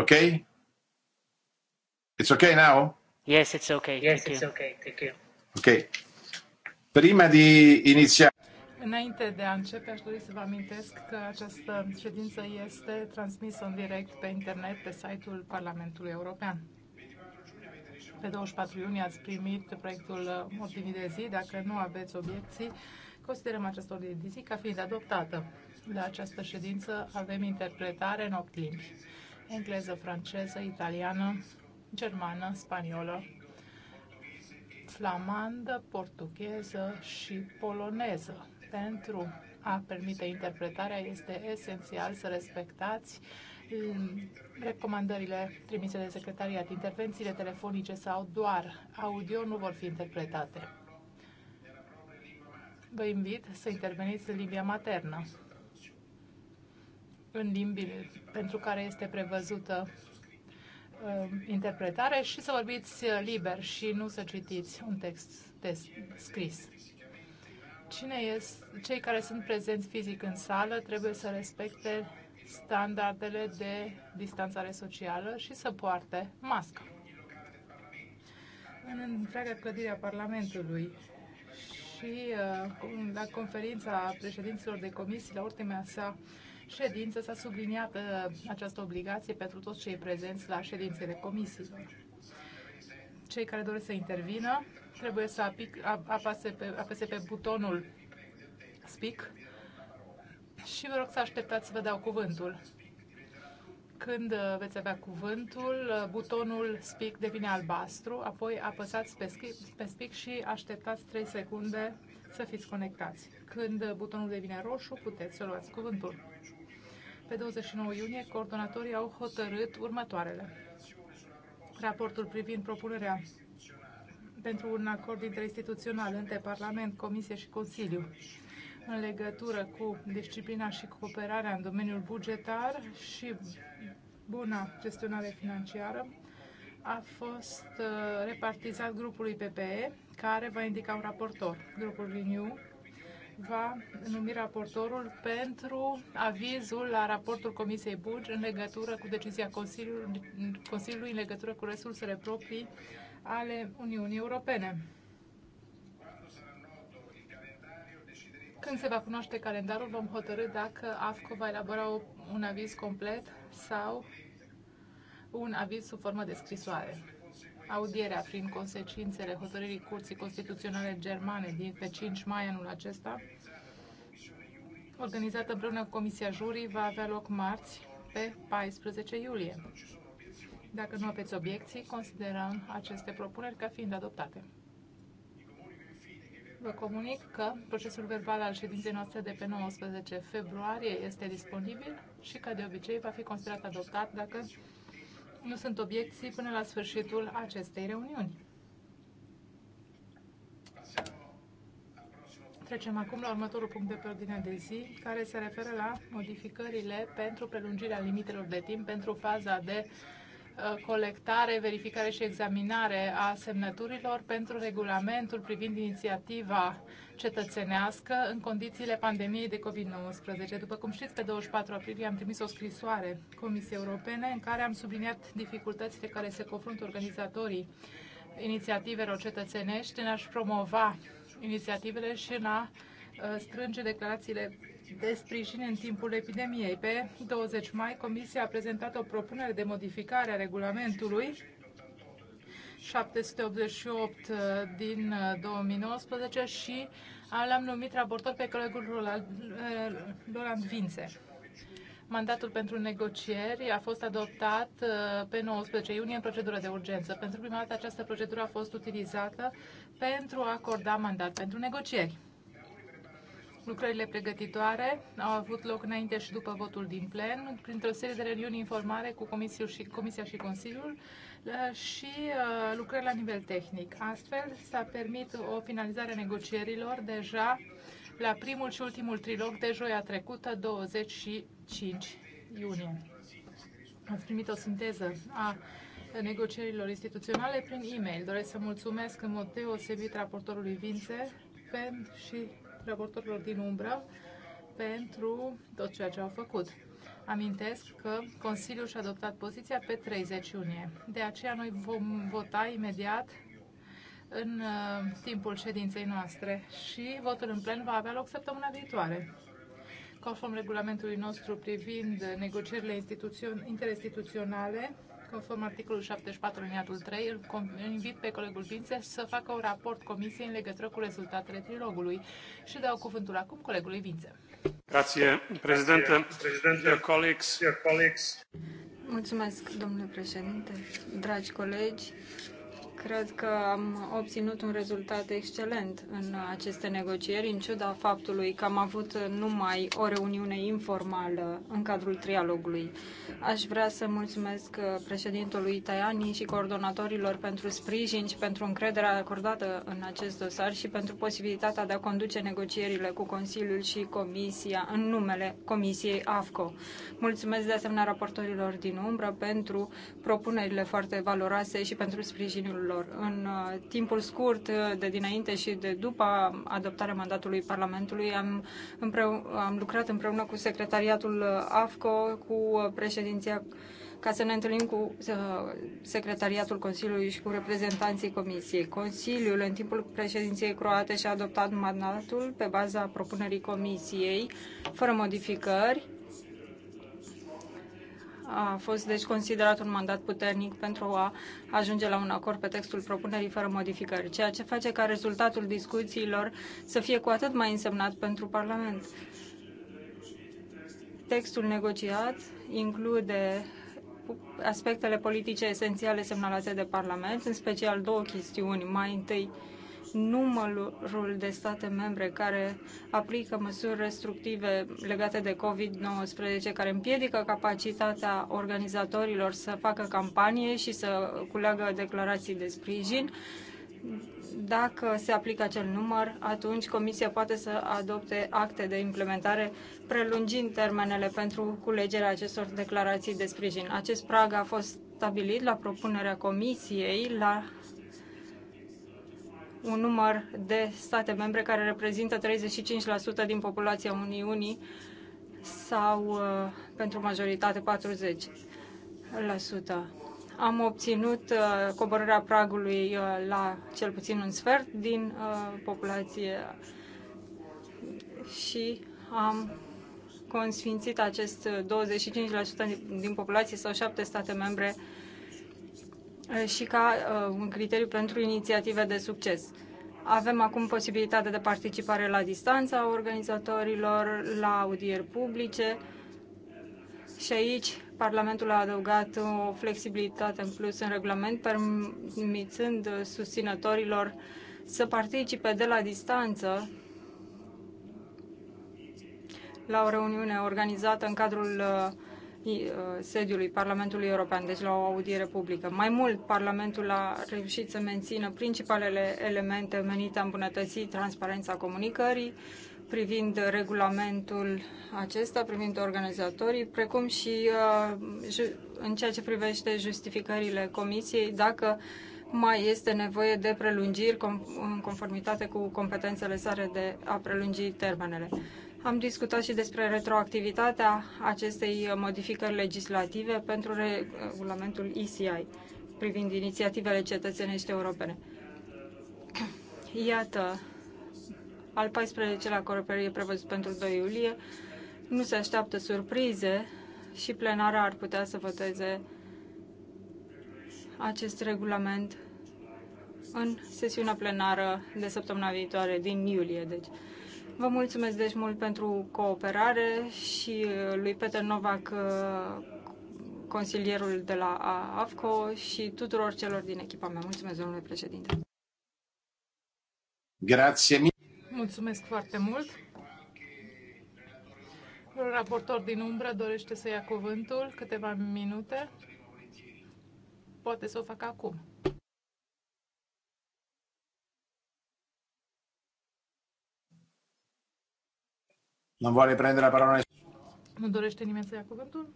Okay? It's okay now? Yes, it's okay. Yes, Thank it's you. okay. Thank you. Okay. Prima di inizia... Înainte de a începe, aș dori să vă amintesc că această ședință este transmisă în direct pe internet pe site-ul Parlamentului European. Pe 24 iunie ați primit proiectul ordinii de zi. Dacă nu aveți obiecții, considerăm această ordine de zi ca fiind adoptată. La această ședință avem interpretare în 8 limbi engleză, franceză, italiană, germană, spaniolă, flamandă, portugheză și poloneză. Pentru a permite interpretarea este esențial să respectați mm, recomandările trimise de secretariat. Intervențiile telefonice sau doar audio nu vor fi interpretate. Vă invit să interveniți în limbia maternă în limbile pentru care este prevăzută um, interpretare și să vorbiți uh, liber și nu să citiți un text scris. Cine este, cei care sunt prezenți fizic în sală trebuie să respecte standardele de distanțare socială și să poarte mască. În întreaga clădire a Parlamentului și uh, la conferința președinților de comisii, la ultima sa ședință s-a subliniat uh, această obligație pentru toți cei prezenți la ședințele comisiilor. Cei care doresc să intervină trebuie să apic, apase pe, apese pe butonul Speak și vă rog să așteptați să vă dau cuvântul. Când uh, veți avea cuvântul, uh, butonul Speak devine albastru, apoi apăsați pe, pe Speak și așteptați 3 secunde să fiți conectați. Când butonul devine roșu, puteți să luați cuvântul. Pe 29 iunie, coordonatorii au hotărât următoarele. Raportul privind propunerea pentru un acord interinstituțional între Parlament, Comisie și Consiliu în legătură cu disciplina și cooperarea în domeniul bugetar și buna gestionare financiară a fost uh, repartizat grupului PPE, care va indica un raportor. Grupul Renew va numi raportorul pentru avizul la raportul Comisiei Bugi în legătură cu decizia Consiliului, Consiliului în legătură cu resursele proprii ale Uniunii Europene. Când se va cunoaște calendarul, vom hotărâ dacă AFCO va elabora un aviz complet sau un aviz sub formă de scrisoare audierea prin consecințele hotărârii Curții Constituționale Germane din pe 5 mai anul acesta, organizată împreună cu Comisia Jurii, va avea loc marți, pe 14 iulie. Dacă nu aveți obiecții, considerăm aceste propuneri ca fiind adoptate. Vă comunic că procesul verbal al ședinței noastre de pe 19 februarie este disponibil și, ca de obicei, va fi considerat adoptat dacă nu sunt obiecții până la sfârșitul acestei reuniuni. Trecem acum la următorul punct de pe ordinea de zi, care se referă la modificările pentru prelungirea limitelor de timp pentru faza de Uh, colectare, verificare și examinare a semnăturilor pentru regulamentul privind inițiativa cetățenească în condițiile pandemiei de COVID-19. După cum știți, pe 24 aprilie am trimis o scrisoare Comisiei Europene în care am subliniat dificultățile care se confruntă organizatorii inițiativelor cetățenești în a-și promova inițiativele și în a Uh, strânge declarațiile de sprijin în timpul epidemiei. Pe 20 mai, Comisia a prezentat o propunere de modificare a regulamentului 788 uh, din 2019 uh, și l-am numit raportor pe colegul Roland vinse. Mandatul pentru negocieri a fost adoptat pe 19 iunie în procedură de urgență. Pentru prima dată această procedură a fost utilizată pentru a acorda mandat pentru negocieri. Lucrările pregătitoare au avut loc înainte și după votul din plen, printr-o serie de reuniuni informare cu Comisia și, Comisia și Consiliul uh, și uh, lucrări la nivel tehnic. Astfel s-a permis o finalizare a negocierilor deja la primul și ultimul trilog de joia trecută, 25 iunie. Ați primit o sinteză a negocierilor instituționale prin e-mail. Doresc să mulțumesc în mod deosebit raportorului Vințe, PEN și raportorilor din umbră pentru tot ceea ce au făcut. Amintesc că Consiliul și-a adoptat poziția pe 30 iunie. De aceea noi vom vota imediat în uh, timpul ședinței noastre și votul în plen va avea loc săptămâna viitoare. Conform regulamentului nostru privind negocierile interinstituționale, Conform articolul 74, liniatul 3, îl invit pe colegul Vințe să facă un raport comisiei în legătură cu rezultatele trilogului și dau cuvântul acum colegului Vințe. Grazie, prezidentă. Mulțumesc, domnule președinte, dragi colegi. Cred că am obținut un rezultat excelent în aceste negocieri, în ciuda faptului că am avut numai o reuniune informală în cadrul trialogului. Aș vrea să mulțumesc președintelui Tajani și coordonatorilor pentru sprijin și pentru încrederea acordată în acest dosar și pentru posibilitatea de a conduce negocierile cu Consiliul și Comisia în numele Comisiei AFCO. Mulțumesc de asemenea raportorilor din umbră pentru propunerile foarte valoroase și pentru sprijinul lor. în uh, timpul scurt uh, de dinainte și de după adoptarea mandatului Parlamentului. Am, împreu- am lucrat împreună cu secretariatul uh, AFCO, cu președinția ca să ne întâlnim cu secretariatul Consiliului și cu reprezentanții Comisiei. Consiliul, în timpul președinției croate, și-a adoptat mandatul pe baza propunerii Comisiei, fără modificări, a fost deci considerat un mandat puternic pentru a ajunge la un acord pe textul propunerii fără modificări, ceea ce face ca rezultatul discuțiilor să fie cu atât mai însemnat pentru Parlament. Textul negociat include aspectele politice esențiale semnalate de Parlament, în special două chestiuni. Mai întâi, numărul de state membre care aplică măsuri restrictive legate de COVID-19, care împiedică capacitatea organizatorilor să facă campanie și să culeagă declarații de sprijin. Dacă se aplică acel număr, atunci Comisia poate să adopte acte de implementare prelungind termenele pentru culegerea acestor declarații de sprijin. Acest prag a fost stabilit la propunerea Comisiei la un număr de state membre care reprezintă 35% din populația Uniunii sau uh, pentru majoritate 40%. Am obținut uh, coborârea pragului uh, la cel puțin un sfert din populație și am consfințit acest 25% din populație sau șapte state membre Eh, și ca eh, un criteriu pentru inițiative de succes. Avem acum posibilitatea de participare la distanță a organizatorilor, la audieri publice și aici Parlamentul a adăugat o flexibilitate în plus în regulament, permițând susținătorilor să participe de la distanță la o reuniune organizată în cadrul uh, Uh, sediului Parlamentului European, deci la o audiere publică. Mai mult, Parlamentul a reușit să mențină principalele elemente menite a îmbunătăți transparența comunicării, privind regulamentul acesta, privind organizatorii, precum și uh, în ceea ce privește justificările comisiei, dacă mai este nevoie de prelungiri com în conformitate cu competențele sale de a prelungi termenele. Am discutat și despre retroactivitatea acestei modificări legislative pentru regulamentul ECI privind inițiativele cetățenești europene. Iată, al 14-lea coreper e prevăzut pentru 2 iulie. Nu se așteaptă surprize și plenara ar putea să voteze acest regulament în sesiunea plenară de săptămâna viitoare, din iulie, deci. Vă mulțumesc deci mult pentru cooperare și uh, lui Peter Novak, uh, consilierul de la AFCO și tuturor celor din echipa mea. Mulțumesc, domnule președinte. Grazie. Mulțumesc foarte mult. Raportor din umbră dorește să ia cuvântul câteva minute. Poate să o facă acum. Non vuole prendere la parola nessuno. Non dovreste nemmeno să ia cuvântul?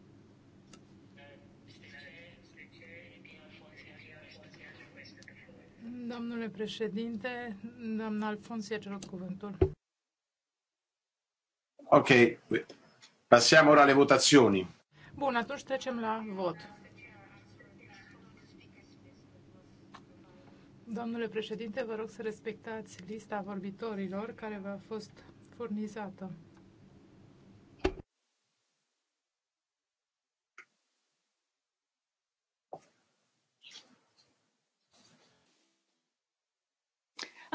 Domnule președinte, doamna Alfonsi a cerut cuvântul. Ok, passiamo ora alle votazioni. Bun, atunci trecem la vot. Domnule președinte, vă rog să respectați lista vorbitorilor care v-a fost furnizată.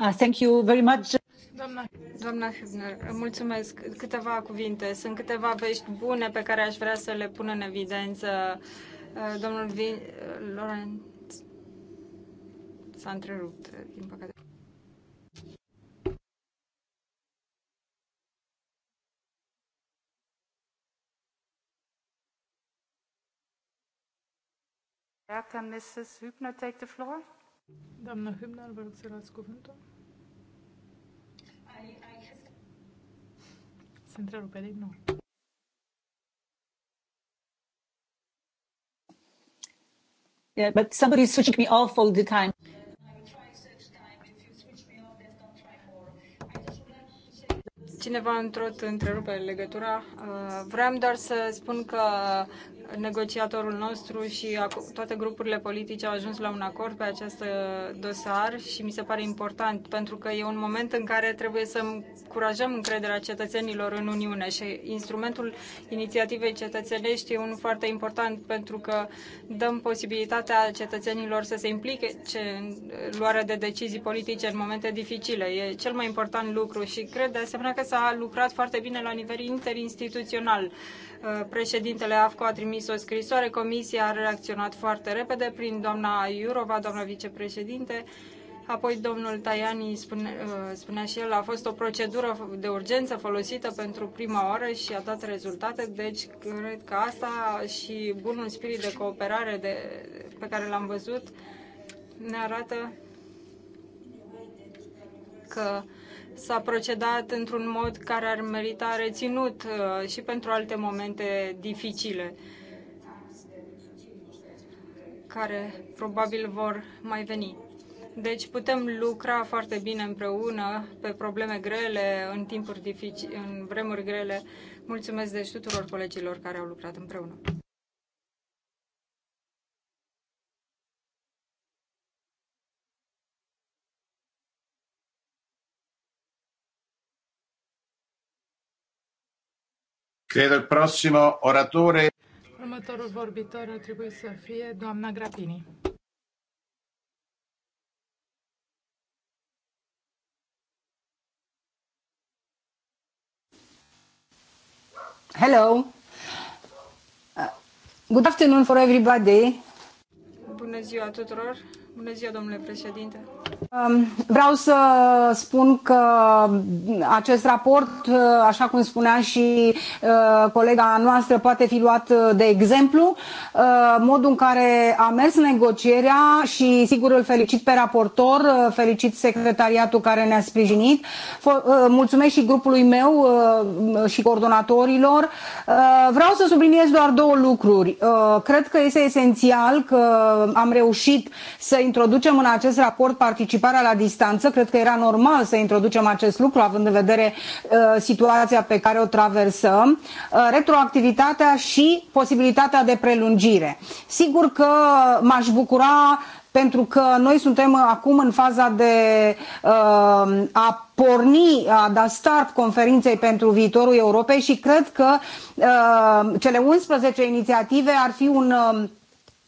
Uh, thank you very much. Doamna, doamna Hübner, mulțumesc. Câteva cuvinte. Sunt câteva vești bune pe care aș vrea să le pun în evidență. Uh, domnul Vin... Uh, Laurent s-a întrerupt, din păcate. Can Mrs. Hübner take the floor? Doamna Hübner, vă rog să luați cuvântul. Se întrerupe din deci nou. Yeah, but somebody is switching me off all the time. Cineva într-o întrerupe legătura. Uh, vreau doar să spun că negociatorul nostru și toate grupurile politice au ajuns la un acord pe acest dosar și mi se pare important pentru că e un moment în care trebuie să încurajăm încrederea cetățenilor în Uniune și instrumentul inițiativei cetățenești e unul foarte important pentru că dăm posibilitatea cetățenilor să se implice în luarea de decizii politice în momente dificile. E cel mai important lucru și cred de asemenea că s-a lucrat foarte bine la nivel interinstituțional Eh, președintele AFCO a trimis o scrisoare, comisia a reacționat foarte repede prin doamna Iurova, doamna vicepreședinte, Apoi domnul Tajani spune, eh, spunea și el, a fost o procedură de urgență folosită pentru prima oară și a dat rezultate, deci cred că asta și bunul spirit de cooperare de, pe care l-am văzut ne arată că s-a procedat într-un mod care ar merita reținut uh, și pentru alte momente dificile, care probabil vor mai veni. Deci putem lucra foarte bine împreună pe probleme grele, în timpuri dificile, în vremuri grele. Mulțumesc deci tuturor colegilor care au lucrat împreună. Credo il prossimo oratore. Următorul vorbitor ar trebui să fie doamna Grapini. Hello. Uh, good afternoon for everybody. Bună ziua tuturor. Bună ziua, domnule președinte. Um, vreau să spun că acest raport, uh, așa cum spunea și uh, colega noastră, poate fi luat uh, de exemplu. Modul în care a mers negocierea și sigur îl felicit pe raportor, felicit secretariatul care ne-a sprijinit, mulțumesc și grupului meu și coordonatorilor. Vreau să subliniez doar două lucruri. Cred că este esențial că am reușit să introducem în acest raport participarea la distanță. Cred că era normal să introducem acest lucru, având în vedere uh, situația pe care o traversăm, uh, retroactivitatea și posibilitatea de prelungire. Sigur că m-aș bucura pentru că noi suntem acum în faza de uh, a porni, a da start conferinței pentru viitorul Europei și cred că uh, cele 11 inițiative ar fi un uh,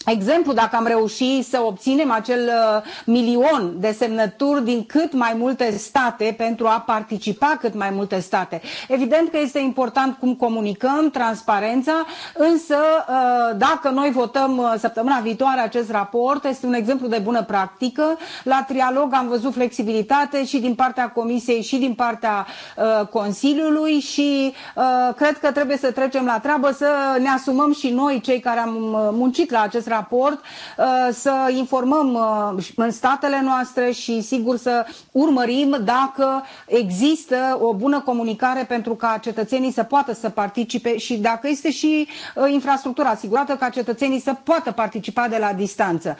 exemplu, dacă am reușit să obținem acel uh, milion de semnături din cât mai multe state pentru a participa cât mai multe state. Evident că este important cum comunicăm, transparența, însă uh, dacă noi votăm uh, săptămâna viitoare acest raport, este un exemplu de bună practică. La trialog am văzut flexibilitate și din partea Comisiei și din partea Consiliului și cred că trebuie să trecem la treabă să ne asumăm și noi, cei care am muncit la acest raport uh, să informăm uh, în statele noastre și sigur să urmărim dacă există o bună comunicare pentru ca cetățenii să poată să participe și dacă este și uh, infrastructura asigurată ca cetățenii să poată participa de la distanță.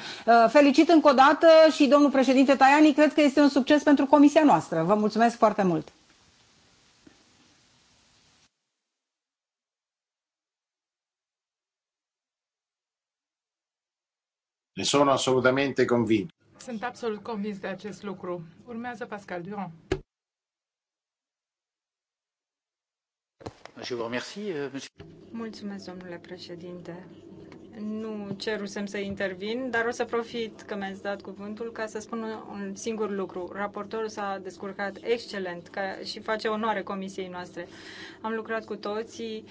Felicit încă o dată și domnul președinte Tajani, cred că este un succes pentru comisia noastră. Vă mulțumesc foarte mult! Ne sono assolutamente convinto. Sunt absolut convins de acest lucru. Urmează Pascal Durand. Euh, Mulțumesc, domnule președinte. Nu cerusem să intervin, dar o să profit că mi-ați dat cuvântul ca să spun un singur lucru. Raportorul s-a descurcat excelent ca și face onoare comisiei noastre. Am lucrat cu toții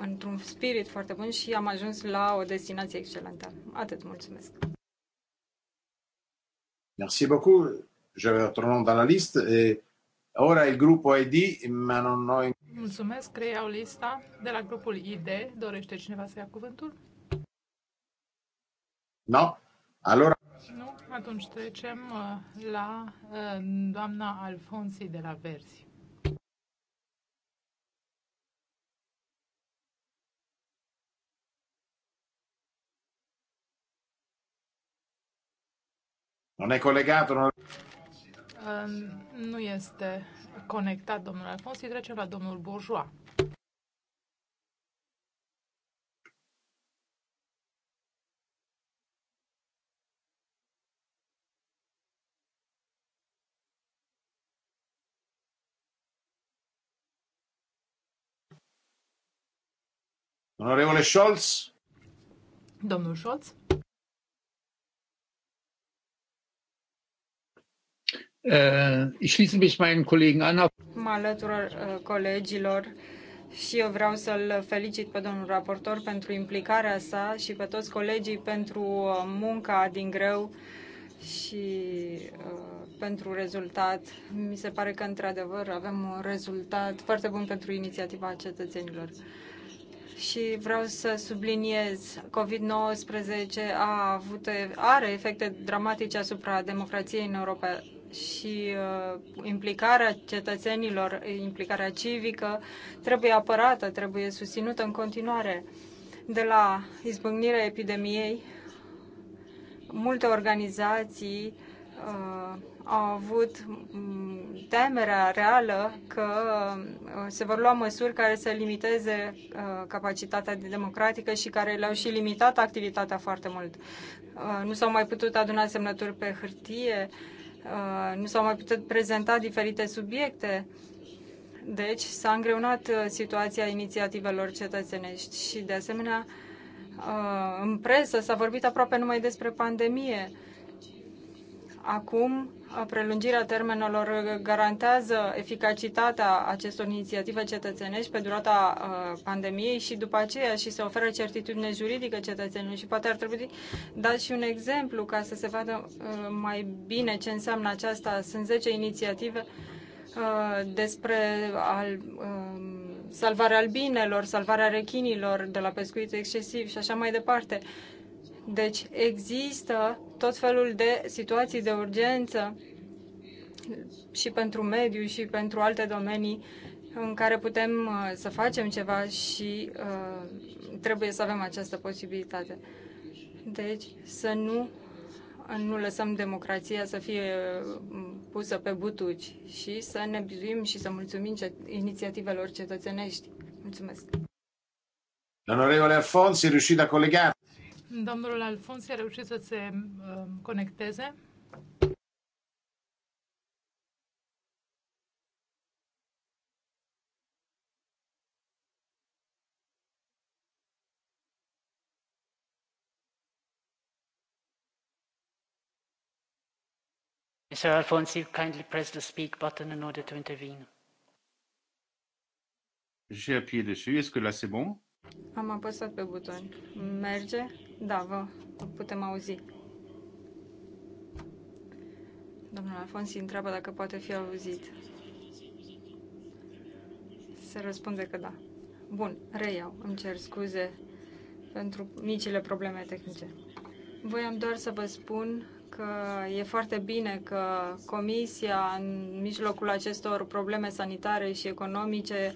într-un spirit foarte bun și am ajuns la o destinație excelentă. Atât, mulțumesc! Merci beaucoup. J'avais votre nom dans la liste et ora il gruppo ID, ma non ho... Mulțumesc, creiau lista de la grupul ID. Dorește cineva să ia cuvântul? No? Allora... Nu? Atunci trecem uh, la uh, doamna Alfonsi de la Verzi. Non è collegato? Non... nu este conectat domnul Alfonsi, trecem la domnul Bourgeois. Onorevole Scholz? Domnul Scholz? Äh, schließe mich meinen Kollegen an. Mă alătur uh, colegilor și eu vreau să-l felicit pe domnul raportor pentru implicarea sa și pe toți colegii pentru uh, munca din greu și uh, pentru rezultat. Mi se pare că, într-adevăr, avem un rezultat foarte bun pentru inițiativa cetățenilor. Și vreau să subliniez, COVID-19 a avut, are efecte dramatice asupra democrației în Europa și uh, implicarea cetățenilor, implicarea civică, trebuie apărată, trebuie susținută în continuare. De la izbucnirea epidemiei, multe organizații uh, au avut mm, temerea reală că uh, se vor lua măsuri care să limiteze uh, capacitatea democratică și care le-au și limitat activitatea foarte mult. Nu s-au mai putut aduna semnături pe hârtie, Uh, nu s-au mai putut prezenta diferite subiecte. Deci s-a îngreunat uh, situația inițiativelor cetățenești și, de asemenea, uh, în presă s-a vorbit aproape numai despre pandemie. Acum prelungirea termenelor garantează eficacitatea acestor inițiative cetățenești pe durata uh, pandemiei și după aceea și se oferă certitudine juridică cetățenilor și poate ar trebui dat și un exemplu ca să se vadă uh, mai bine ce înseamnă aceasta. Sunt 10 inițiative uh, despre al, salvarea albinelor, salvarea rechinilor de la pescuit excesiv și așa mai departe. Deci există tot felul de situații de urgență și pentru mediu și pentru alte domenii în care putem uh, să facem ceva și uh, trebuie să avem această posibilitate. Deci să nu, nu lăsăm democrația să fie uh, pusă pe butuci și să ne bizuim și să mulțumim ce, inițiativelor cetățenești. Mulțumesc! L'onorevole Alfonsi è riuscito a collegarsi. Mm. Domnul Alfonsi a reușit să se um, conecteze. Mr. Alfonsi, kindly press the speak button in order to intervene. J'ai appuyé dessus. Est-ce que là c'est bon? Am apăsat pe buton. Merge? Da, vă putem auzi. Domnul Alfonsi întreabă dacă poate fi auzit. Se răspunde că da. Bun, reiau. Îmi cer scuze pentru micile probleme tehnice. Voiam doar să vă spun că e foarte bine că Comisia, în mijlocul acestor probleme sanitare și economice,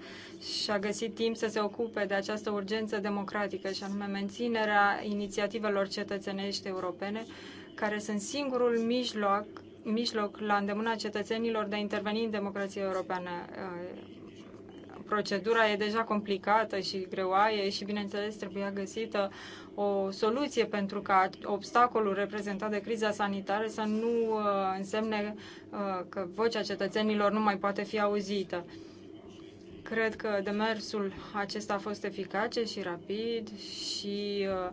și-a găsit timp să se ocupe de această urgență democratică, și anume menținerea inițiativelor cetățenești europene, care sunt singurul mijloc, mijloc la îndemâna cetățenilor de a interveni în democrația europeană procedura e deja complicată și greoaie și, bineînțeles, trebuia găsită o soluție pentru ca obstacolul reprezentat de criza sanitară să nu uh, însemne uh, că vocea cetățenilor nu mai poate fi auzită. Cred că demersul acesta a fost eficace și rapid și uh,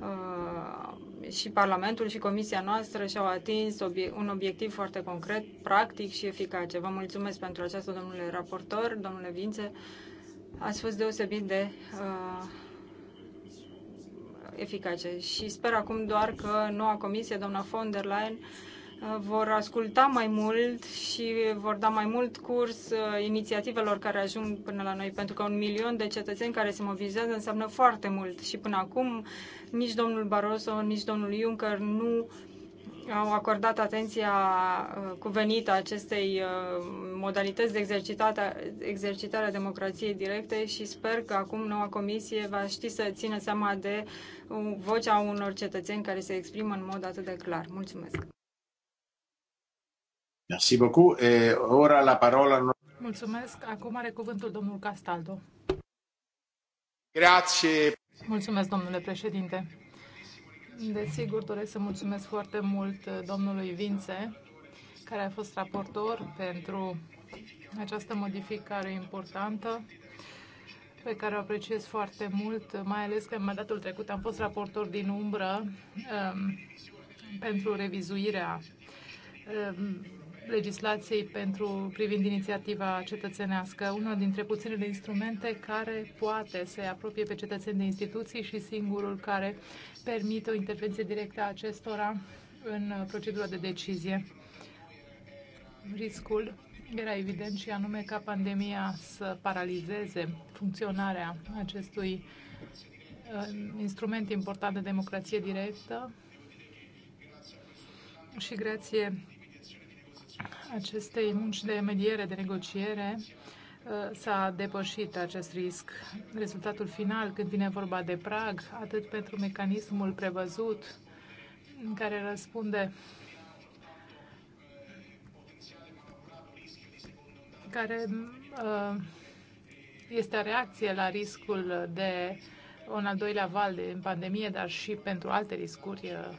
Uh, și Parlamentul și Comisia noastră și-au atins un obiectiv foarte concret, practic și eficace. Vă mulțumesc pentru aceasta, domnule raportor, domnule Vințe. Ați fost deosebit de uh, eficace și sper acum doar că noua comisie, doamna von der Leyen, uh, vor asculta mai mult și vor da mai mult curs uh, inițiativelor care ajung până la noi, pentru că un milion de cetățeni care se mobilizează înseamnă foarte mult și până acum nici domnul Barroso, nici domnul Juncker nu au acordat atenția uh, cuvenită acestei uh, modalități de exercitare a democrației directe și sper că acum noua comisie va ști să țină seama de vocea unor cetățeni care se exprimă în mod atât de clar. Mulțumesc! Merci beaucoup. Et ora la parola... Mulțumesc. Acum are cuvântul domnul Castaldo. Grazie. Mulțumesc, domnule președinte. Desigur, doresc să mulțumesc foarte mult domnului Vințe, care a fost raportor pentru această modificare importantă pe care o apreciez foarte mult, mai ales că în mandatul trecut am fost raportor din umbră um, pentru revizuirea um, legislației pentru privind inițiativa cetățenească, unul dintre puținele instrumente care poate să apropie pe cetățeni de instituții și singurul care permite o intervenție directă a acestora în procedura de decizie. Riscul era evident și anume ca pandemia să paralizeze funcționarea acestui uh, instrument important de democrație directă și grație acestei munci de mediere, de negociere, uh, s-a depășit acest risc. Rezultatul final, când vine vorba de prag, atât pentru mecanismul prevăzut în care răspunde care uh, este reacție la riscul de un al doilea val de pandemie, dar și pentru alte riscuri uh,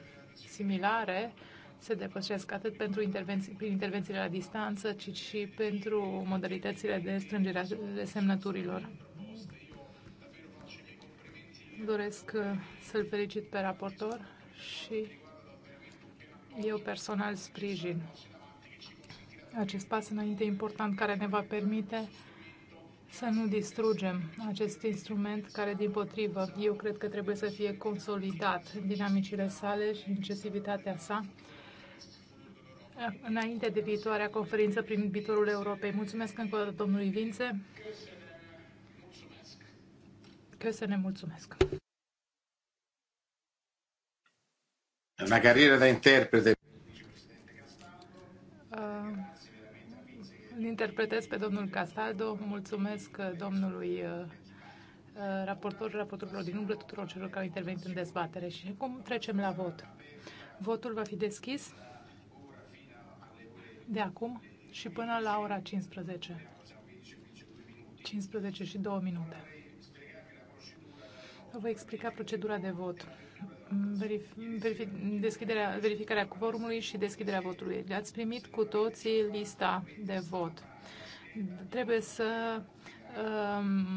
similare, se depășesc atât pentru intervenții, prin intervențiile la distanță, ci și pentru modalitățile de strângere a semnăturilor. Doresc uh, să-l felicit pe raportor și eu personal sprijin acest pas înainte important care ne va permite să nu distrugem acest instrument care, din potrivă, eu cred că trebuie să fie consolidat dinamicile sale și incisivitatea sa înainte de viitoarea conferință prin viitorul Europei. Mulțumesc încă o dată domnului Vințe. Că să ne mulțumesc. Una carieră de da interprete. Îl uh, interpretez pe domnul Castaldo. Mulțumesc uh, domnului uh, raportor, raportorilor din umbră, tuturor celor care au intervenit în dezbatere. Și acum trecem la vot. Votul va fi deschis de acum și până la ora 15. 15 și 2 minute. Voi explica procedura de vot. Verif verific deschiderea, verificarea cuvorumului și deschiderea votului. ați primit cu toții lista de vot. Trebuie să um,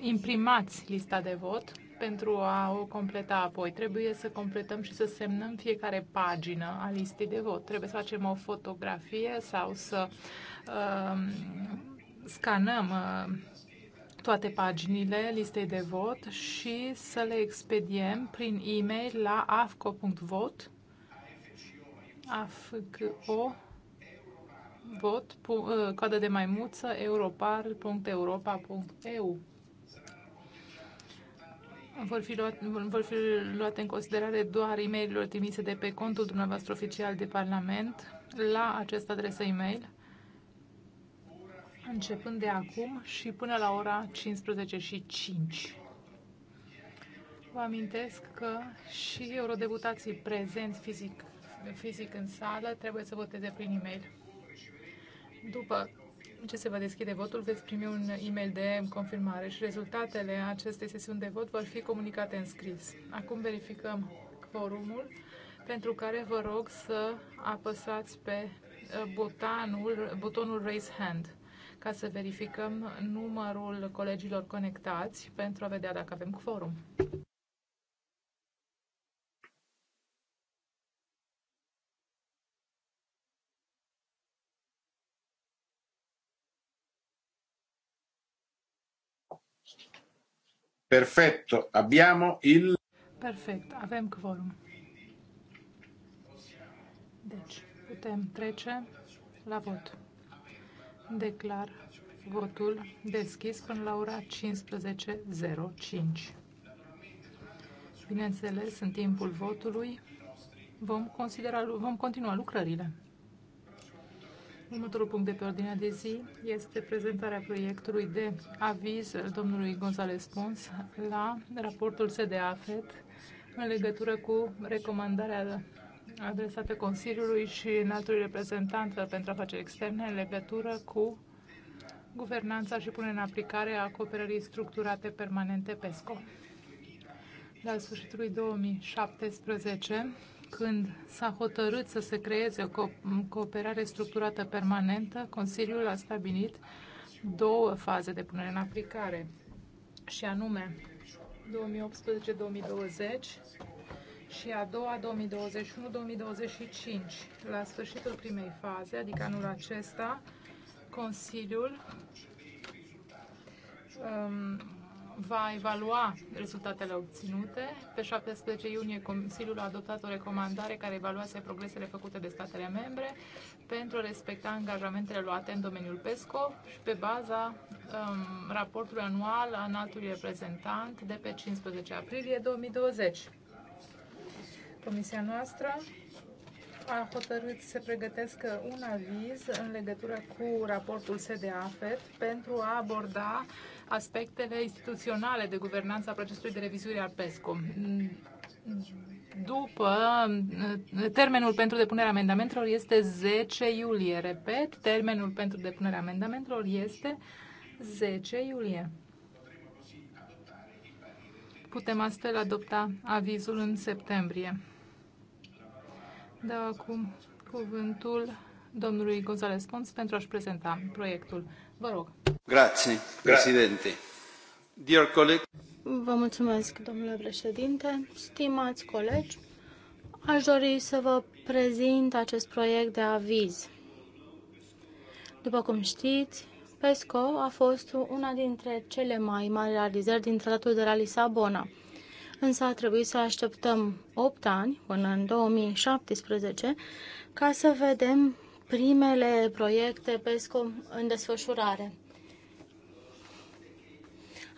imprimați lista de vot pentru a o completa apoi. Trebuie să completăm și să semnăm fiecare pagină a listei de vot. Trebuie să facem o fotografie sau să uh, scanăm uh, toate paginile listei de vot și să le expediem prin e-mail la afco.vot afco vot, uh, coadă de maimuță, europar.europa.eu vor fi, luat, vor fi luate în considerare doar e mail trimise de pe contul dumneavoastră oficial de Parlament la această adresă e-mail, începând de acum și până la ora 15:05. Vă amintesc că și eurodeputații prezenți fizic, fizic în sală trebuie să voteze prin e-mail. După ce se va deschide votul, veți primi un e-mail de confirmare și rezultatele acestei sesiuni de vot vor fi comunicate în scris. Acum verificăm forumul, pentru care vă rog să apăsați pe uh, butonul, butonul Raise Hand ca să verificăm numărul colegilor conectați pentru a vedea dacă avem quorum. Perfetto, abbiamo il... Perfect, avem quorum. Deci, putem trece la vot. Declar votul deschis până la ora 15.05. Bineînțeles, în timpul votului vom, considera, vom continua lucrările. Următorul punct de pe ordinea de zi este prezentarea proiectului de aviz al domnului González Pons la raportul SDAFET în legătură cu recomandarea adresată Consiliului și înaltului reprezentant pentru afaceri externe în legătură cu guvernanța și punerea în aplicare a cooperării structurate permanente PESCO. La sfârșitul 2017, când s-a hotărât să se creeze o cooperare structurată permanentă, Consiliul a stabilit două faze de punere în aplicare, și anume 2018-2020 și a doua 2021-2025. La sfârșitul primei faze, adică anul acesta, Consiliul um, va evalua rezultatele obținute. Pe 17 iunie, Consiliul a adoptat o recomandare care evaluase progresele făcute de statele membre pentru a respecta angajamentele luate în domeniul PESCO și pe baza um, raportului anual a înaltului reprezentant de pe 15 aprilie 2020. Comisia noastră a hotărât să pregătesc un aviz în legătură cu raportul SDAFET pentru a aborda uh, aspectele instituționale de guvernanță a procesului de revizuire al PESCO. După termenul pentru depunerea amendamentelor este 10 iulie. Repet, termenul pentru depunerea amendamentelor este 10 iulie. Putem astfel adopta avizul în septembrie. Dau acum cuvântul domnului González Pons pentru a-și prezenta proiectul. Vă rog. Grazie, Dear colleague. Vă mulțumesc, domnule președinte. Stimați colegi, aș dori să vă prezint acest proiect de aviz. După cum știți, PESCO a fost una dintre cele mai mari realizări din tratatul de la Lisabona. Însă a trebuit să așteptăm 8 ani, până în 2017, ca să vedem primele proiecte PESCO în desfășurare.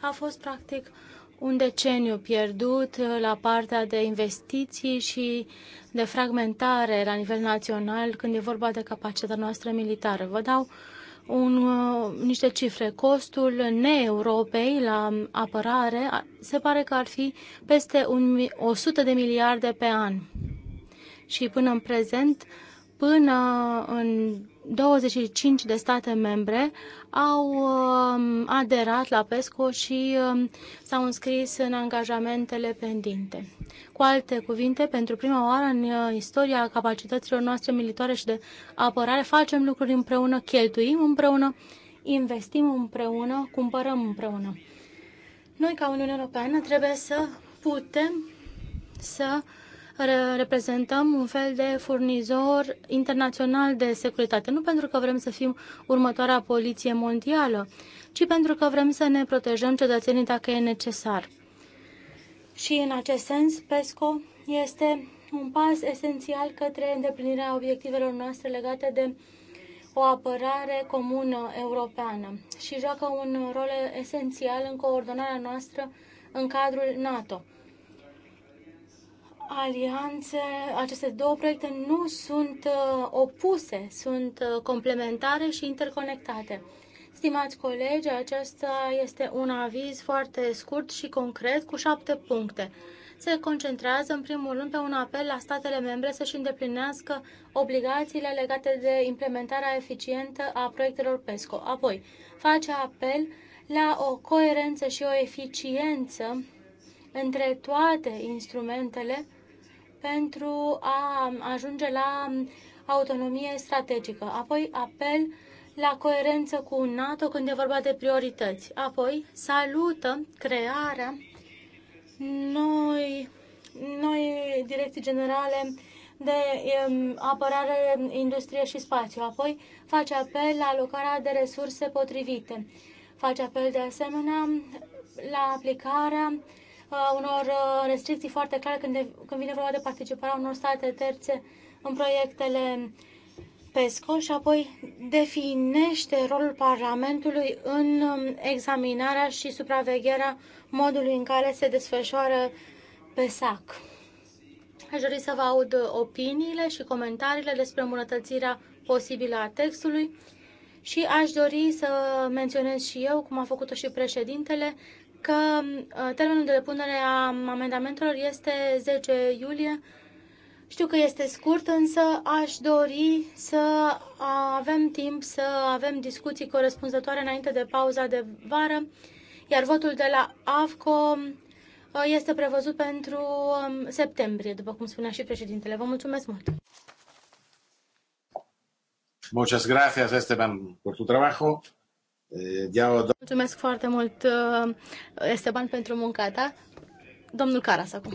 A fost practic un deceniu pierdut la partea de investiții și de fragmentare la nivel național când e vorba de capacitatea noastră militară. Vă dau un, uh, niște cifre. Costul ne-Europei la apărare se pare că ar fi peste un, 100 de miliarde pe an. Și până în prezent, până în 25 de state membre au um, aderat la PESCO și um, s-au înscris în angajamentele pendinte. Cu alte cuvinte, pentru prima oară în uh, istoria capacităților noastre militare și de apărare, facem lucruri împreună, cheltuim împreună, investim împreună, cumpărăm împreună. Noi, ca Uniunea Europeană, trebuie să putem să uh, reprezentăm un fel de furnizor internațional de securitate. Nu pentru că vrem să fim următoarea poliție mondială, ci pentru că vrem să ne protejăm cetățenii dacă e necesar. Și în acest sens, PESCO este un pas esențial către îndeplinirea obiectivelor noastre legate de o apărare comună europeană și joacă un rol esențial în coordonarea noastră în cadrul NATO alianțe, aceste două proiecte nu sunt uh, opuse, sunt uh, complementare și interconectate. Stimați colegi, acesta este un aviz foarte scurt și concret cu șapte puncte. Se concentrează în primul rând pe un apel la statele membre să-și îndeplinească obligațiile legate de implementarea eficientă a proiectelor PESCO. Apoi, face apel la o coerență și o eficiență între toate instrumentele pentru a ajunge la autonomie strategică. Apoi apel la coerență cu NATO când e vorba de priorități. Apoi salută crearea noi, noi direcții generale de apărare, industrie și spațiu. Apoi face apel la alocarea de resurse potrivite. Face apel de asemenea la aplicarea unor restricții foarte clare când, de, când vine vorba de participarea unor state terțe în proiectele PESCO și apoi definește rolul Parlamentului în um, examinarea și supravegherea modului în care se desfășoară PESAC. Aș dori să vă aud opiniile și comentariile despre îmbunătățirea posibilă a textului și aș dori să menționez și eu, cum a făcut-o și președintele, că uh, termenul de depunere a amendamentelor este 10 iulie. Știu că este scurt, însă aș dori să avem timp să avem discuții corespunzătoare înainte de pauza de vară, iar votul de la AFCO uh, este prevăzut pentru um, septembrie, după cum spunea și președintele. Vă mulțumesc mult! Muchas gracias, Esteban, por tu trabajo. Mulțumesc foarte mult, uh, Esteban, pentru munca ta. Domnul Caras acum.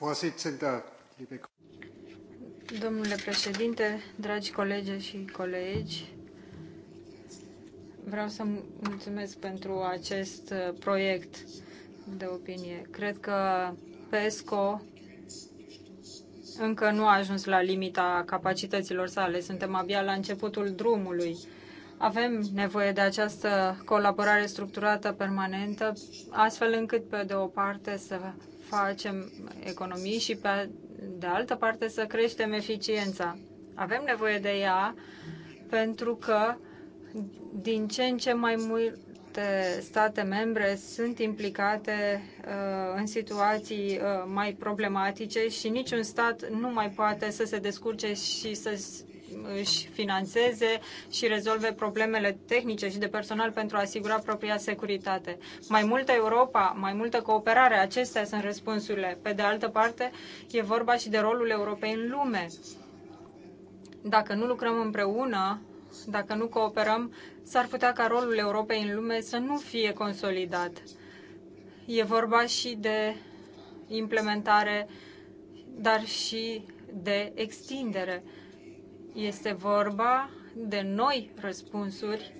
Uh, Domnule președinte, dragi colegi și colegi, vreau să mulțumesc pentru acest uh, proiect de opinie. Cred că PESCO încă nu a ajuns la limita capacităților sale. Suntem abia la începutul drumului. Avem nevoie de această colaborare structurată permanentă, astfel încât, pe de o parte, să facem economii și, pe de altă parte, să creștem eficiența. Avem nevoie de ea pentru că din ce în ce mai mult multe state membre sunt implicate uh, în situații uh, mai problematice și niciun stat nu mai poate să se descurce și să își financeze și rezolve problemele tehnice și de personal pentru a asigura propria securitate. Mai multă Europa, mai multă cooperare, acestea sunt răspunsurile. Pe de altă parte, e vorba și de rolul Europei în lume. Dacă nu lucrăm împreună, dacă nu cooperăm, s-ar putea ca rolul Europei în lume să nu fie consolidat. E vorba și de implementare, dar și de extindere. Este vorba de noi răspunsuri,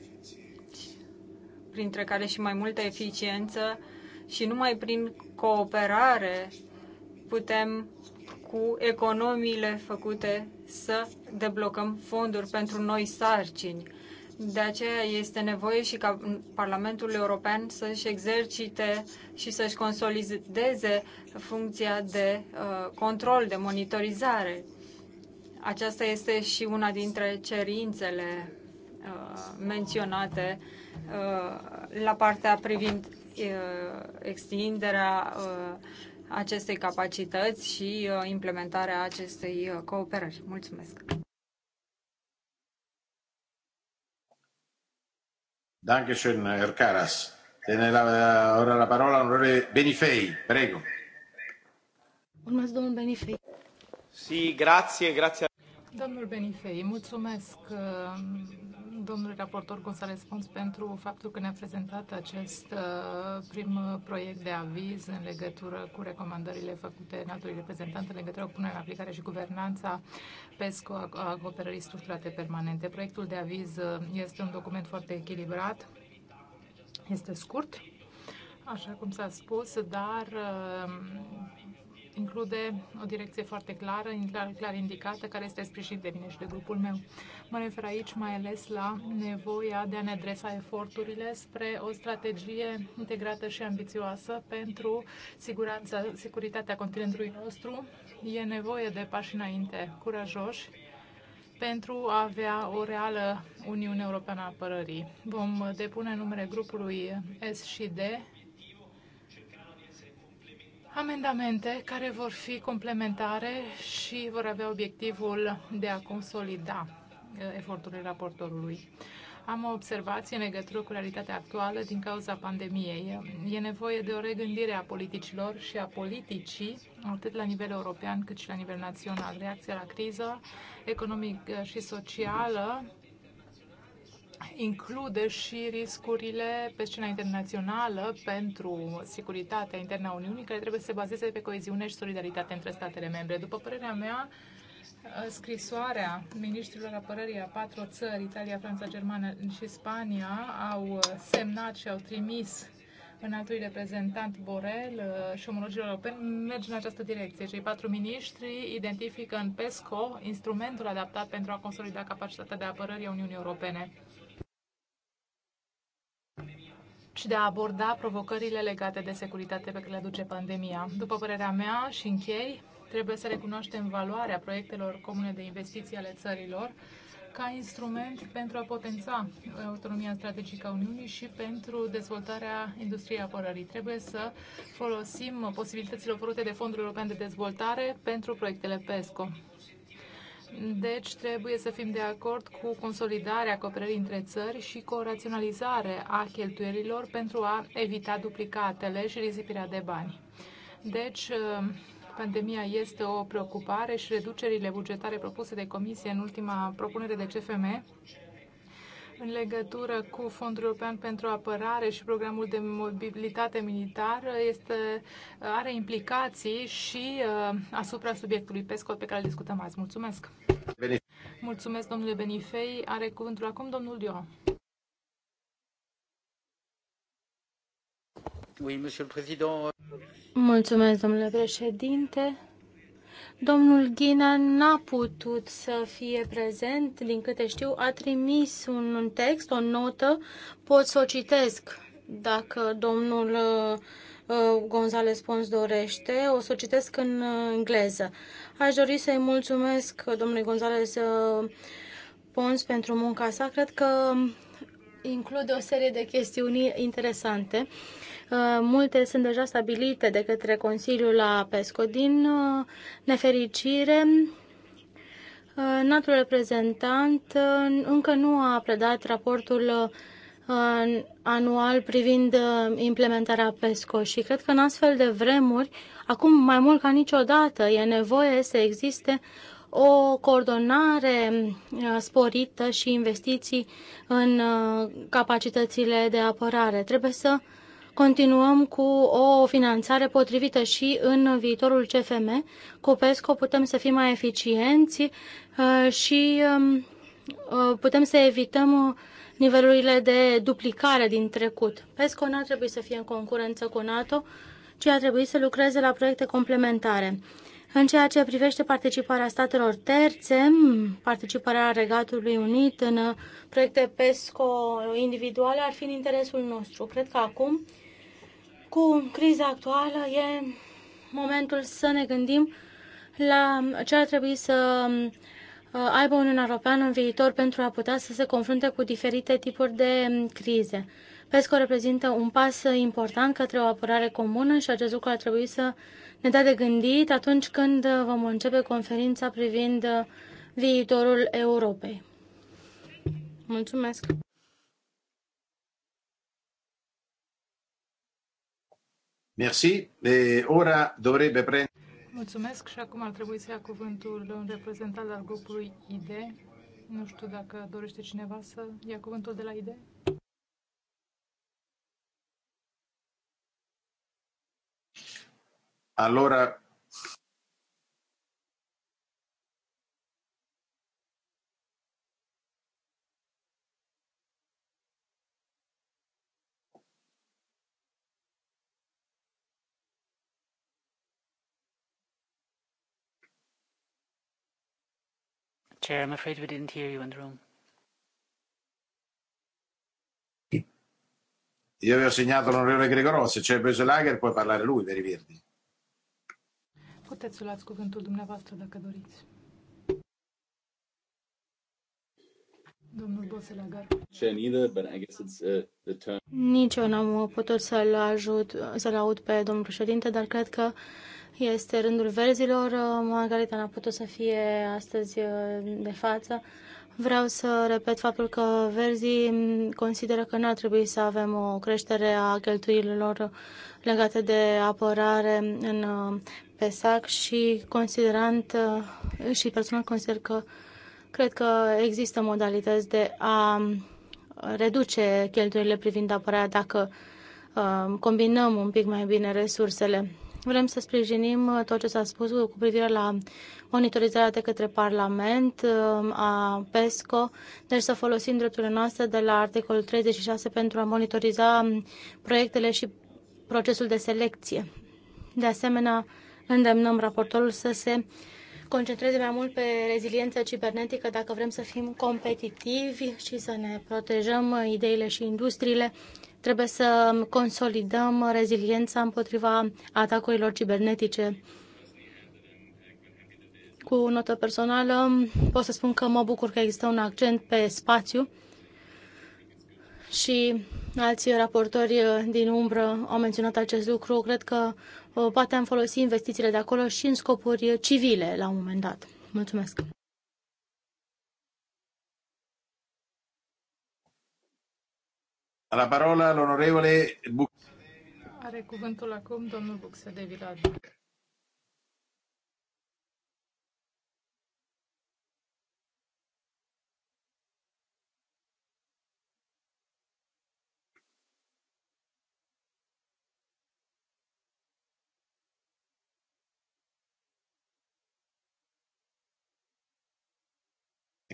printre care și mai multă eficiență, și numai prin cooperare putem cu economiile făcute să deblocăm fonduri pentru noi sarcini. De aceea este nevoie și ca Parlamentul European să-și exercite și să-și consolideze funcția de uh, control, de monitorizare. Aceasta este și una dintre cerințele uh, menționate uh, la partea privind uh, extinderea uh, acestei capacități și uh, implementarea acestei uh, cooperări. Mulțumesc! Dankeschön, Herr Caras. Tiene uh, ora la parola onorevole Benifei, prego. Urmează domnul Benifei. Si, grazie, grazie. Domnul Benifei, mulțumesc domnului raportor González Pons pentru faptul că ne-a prezentat acest uh, prim proiect de aviz în legătură cu recomandările făcute în altului reprezentant în legătură cu punerea în aplicare și guvernanța PESCO a acoperării structurate permanente. Proiectul de aviz uh, este un document foarte echilibrat, este scurt, așa cum s-a spus, dar uh, include o direcție foarte clară, clar, clar indicată, care este sprijinită de mine și de grupul meu. Mă refer aici mai ales la nevoia de a ne adresa eforturile spre o strategie integrată și ambițioasă pentru siguranța, securitatea continentului nostru. E nevoie de pași înainte curajoși pentru a avea o reală Uniune Europeană a Apărării. Vom depune numele grupului S și D amendamente care vor fi complementare și vor avea obiectivul de a consolida uh, eforturile raportorului. Am o observație în legătură cu realitatea actuală din cauza pandemiei. E nevoie de o regândire a politicilor și a politicii, atât la nivel european cât și la nivel național. Reacția la criză economică uh, și socială include și riscurile pe scena internațională pentru securitatea internă a Uniunii, care trebuie să se bazeze pe coeziune și solidaritate între statele membre. După părerea mea, scrisoarea ministrilor apărării a patru țări, Italia, Franța, Germania și Spania, au semnat și au trimis altui reprezentant Borel uh, și omologilor europeni merge în această direcție. Cei patru miniștri identifică în PESCO instrumentul adaptat pentru a consolida capacitatea de apărări a Uniunii Europene și de a aborda provocările legate de securitate pe care le aduce pandemia. După părerea mea și închei, trebuie să recunoaștem valoarea proiectelor comune de investiții ale țărilor ca instrument pentru a potența uh, autonomia strategică a Uniunii și pentru dezvoltarea industriei apărării. Trebuie să folosim posibilitățile oferite de Fondul European de Dezvoltare pentru proiectele PESCO. Deci trebuie să fim de acord cu consolidarea cooperării între țări și cu o raționalizare a cheltuielilor pentru a evita duplicatele și risipirea de bani. Deci, uh, pandemia este o preocupare și reducerile bugetare propuse de Comisie în ultima propunere de CFM în legătură cu Fondul European pentru Apărare și programul de mobilitate militară este, are implicații și uh, asupra subiectului PESCO pe care îl discutăm azi. Mulțumesc! Benif Mulțumesc, domnule Benifei. Are cuvântul acum domnul Dion. Oui, Mulțumesc, domnule președinte. Domnul Ghina n-a putut să fie prezent, din câte știu, a trimis un, text, o notă, pot să o citesc dacă domnul uh, uh Gonzales Pons dorește, o să o citesc în uh, engleză. Aș dori să-i mulțumesc domnului Gonzales uh, Pons pentru munca sa. Cred că include o serie de chestiuni interesante. Uh, Uh, multe sunt deja stabilite de către Consiliul la PESCO. Din uh, nefericire, uh, natul reprezentant încă nu a predat raportul anual privind implementarea PESCO și cred că în astfel de vremuri, acum mai mult ca niciodată, e nevoie să existe o coordonare sporită și investiții în capacitățile de apărare. Trebuie să continuăm cu o finanțare potrivită și în viitorul CFM. Cu PESCO putem să fim mai eficienți uh, și um, uh, putem să evităm uh, nivelurile de duplicare din trecut. PESCO nu ar trebui să fie în concurență cu NATO, ci ar trebui să lucreze la proiecte complementare. În ceea ce privește participarea statelor terțe, participarea Regatului Unit în proiecte PESCO individuale ar fi în interesul nostru. Cred că acum cu criza actuală e momentul să ne gândim la ce ar trebui să uh, aibă Uniunea Europeană în viitor pentru a putea să se confrunte cu diferite tipuri de um, crize. PESCO reprezintă un pas important către o apărare comună și acest lucru ar trebui să ne dea de gândit atunci când uh, vom începe conferința privind uh, viitorul Europei. Mulțumesc! Merci. E ora dovrebbe prendere... Mulțumesc și acum ar trebui să ia cuvântul un reprezentant al grupului ID. Nu știu dacă dorește cineva să ia cuvântul de la ID. Allora Chair, I'm afraid we didn't hear you in the room. Io ho segnato l'onorevole Gregorò, se c'è preso Lager puoi parlare lui per i Verdi. Puteți să luați cuvântul dumneavoastră dacă doriți. Domnul Boselagar. Uh, Nici eu n-am putut să-l ajut, să-l aud pe domnul președinte, dar cred că este rândul verzilor. Uh, Margarita n-a putut să fie astăzi uh, de față. Vreau să repet faptul că verzii consideră că n ar trebui să avem o creștere a cheltuielilor legate de apărare în uh, PESAC și considerant și personal consider că cred că există modalități de a reduce cheltuielile privind apărarea dacă combinăm un pic mai bine resursele. Vrem să sprijinim uh, tot ce s-a spus cu privire la monitorizarea de către Parlament uh, a PESCO, deci să folosim drepturile noastre de la articolul 36 pentru a monitoriza um, proiectele și procesul de selecție. De asemenea, îndemnăm raportorul să se concentreze mai mult pe reziliența cibernetică dacă vrem să fim competitivi și să ne protejăm uh, ideile și industriile Trebuie să consolidăm reziliența împotriva atacurilor cibernetice. Cu notă personală pot să spun că mă bucur că există un accent pe spațiu și alți raportori din umbră au menționat acest lucru. Cred că uh, poate am folosit investițiile de acolo și în scopuri civile la un moment dat. Mulțumesc! La parola l'onorevole Are cuvântul acum domnul Buxa de Vilad.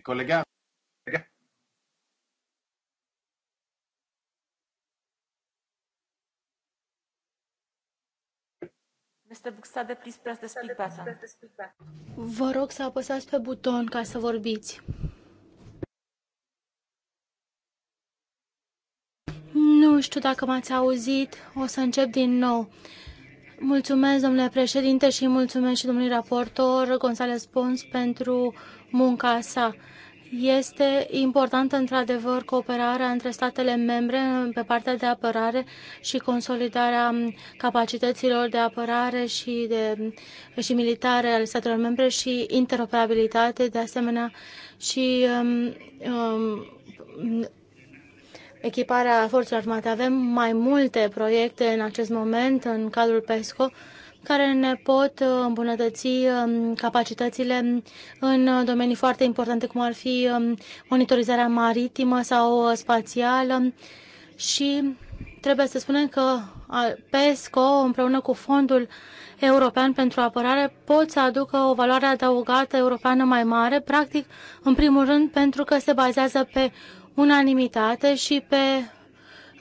collegato. Mr. Vă rog să apăsați pe buton ca să vorbiți. Nu știu dacă m-ați auzit, o să încep din nou. Mulțumesc, domnule președinte, și mulțumesc și domnului raportor González Pons pentru munca sa. Este importantă, într-adevăr, cooperarea între statele membre pe partea de apărare și consolidarea capacităților de apărare și, de, și militare ale statelor membre și interoperabilitate, de asemenea, și um, um, echiparea forțelor armate. Avem mai multe proiecte în acest moment în cadrul PESCO care ne pot uh, îmbunătăți um, capacitățile în domenii foarte importante, cum ar fi um, monitorizarea maritimă sau uh, spațială. Și trebuie să spunem că PESCO, împreună cu Fondul European pentru Apărare, pot să aducă o valoare adăugată europeană mai mare, practic, în primul rând, pentru că se bazează pe unanimitate și pe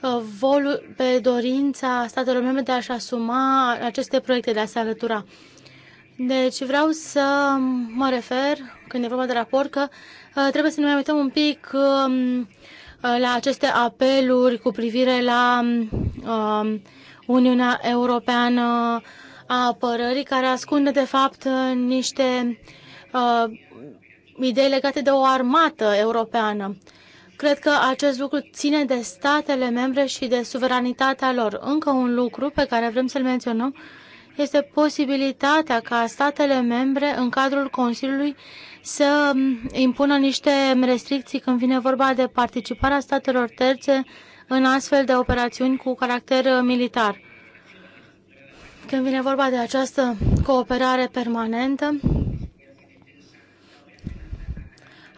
Uh, volul, pe dorința statelor membre de a-și asuma aceste proiecte, de a se alătura. Deci vreau să mă refer, când e vorba de raport, că uh, trebuie să ne mai uităm un pic um, uh, la aceste apeluri cu privire la um, Uniunea Europeană a Apărării, care ascunde, de fapt, niște idei legate de o armată europeană. Cred că acest lucru ține de statele membre și de suveranitatea lor. Încă un lucru pe care vrem să-l menționăm este posibilitatea ca statele membre în cadrul Consiliului să impună niște restricții când vine vorba de participarea statelor terțe în astfel de operațiuni cu caracter uh, militar. Când vine vorba de această cooperare permanentă,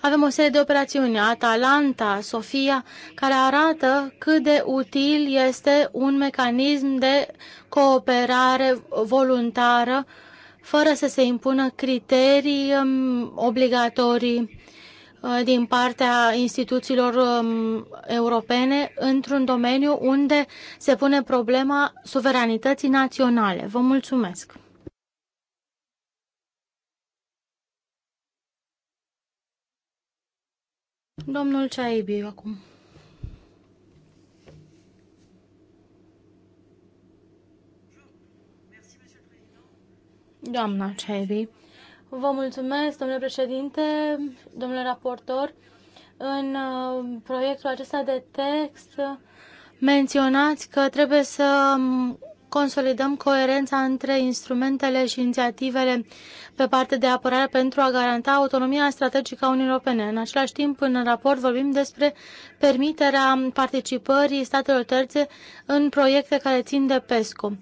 avem o serie de operațiuni, Atalanta, Sofia, care arată cât de util este un mecanism de cooperare voluntară fără să se impună criterii um, obligatorii uh, din partea instituțiilor um, europene într-un domeniu unde se pune problema suveranității naționale. Vă mulțumesc! Domnul Ceaibi, acum. Doamna Ceaibi, vă mulțumesc, domnule președinte, domnule raportor. În uh, proiectul acesta de text menționați că trebuie să consolidăm coerența între instrumentele și inițiativele pe partea de apărare pentru a garanta autonomia strategică a Uniunii Europene. În același timp, în raport vorbim despre permiterea participării statelor terțe în proiecte care țin de PESCO.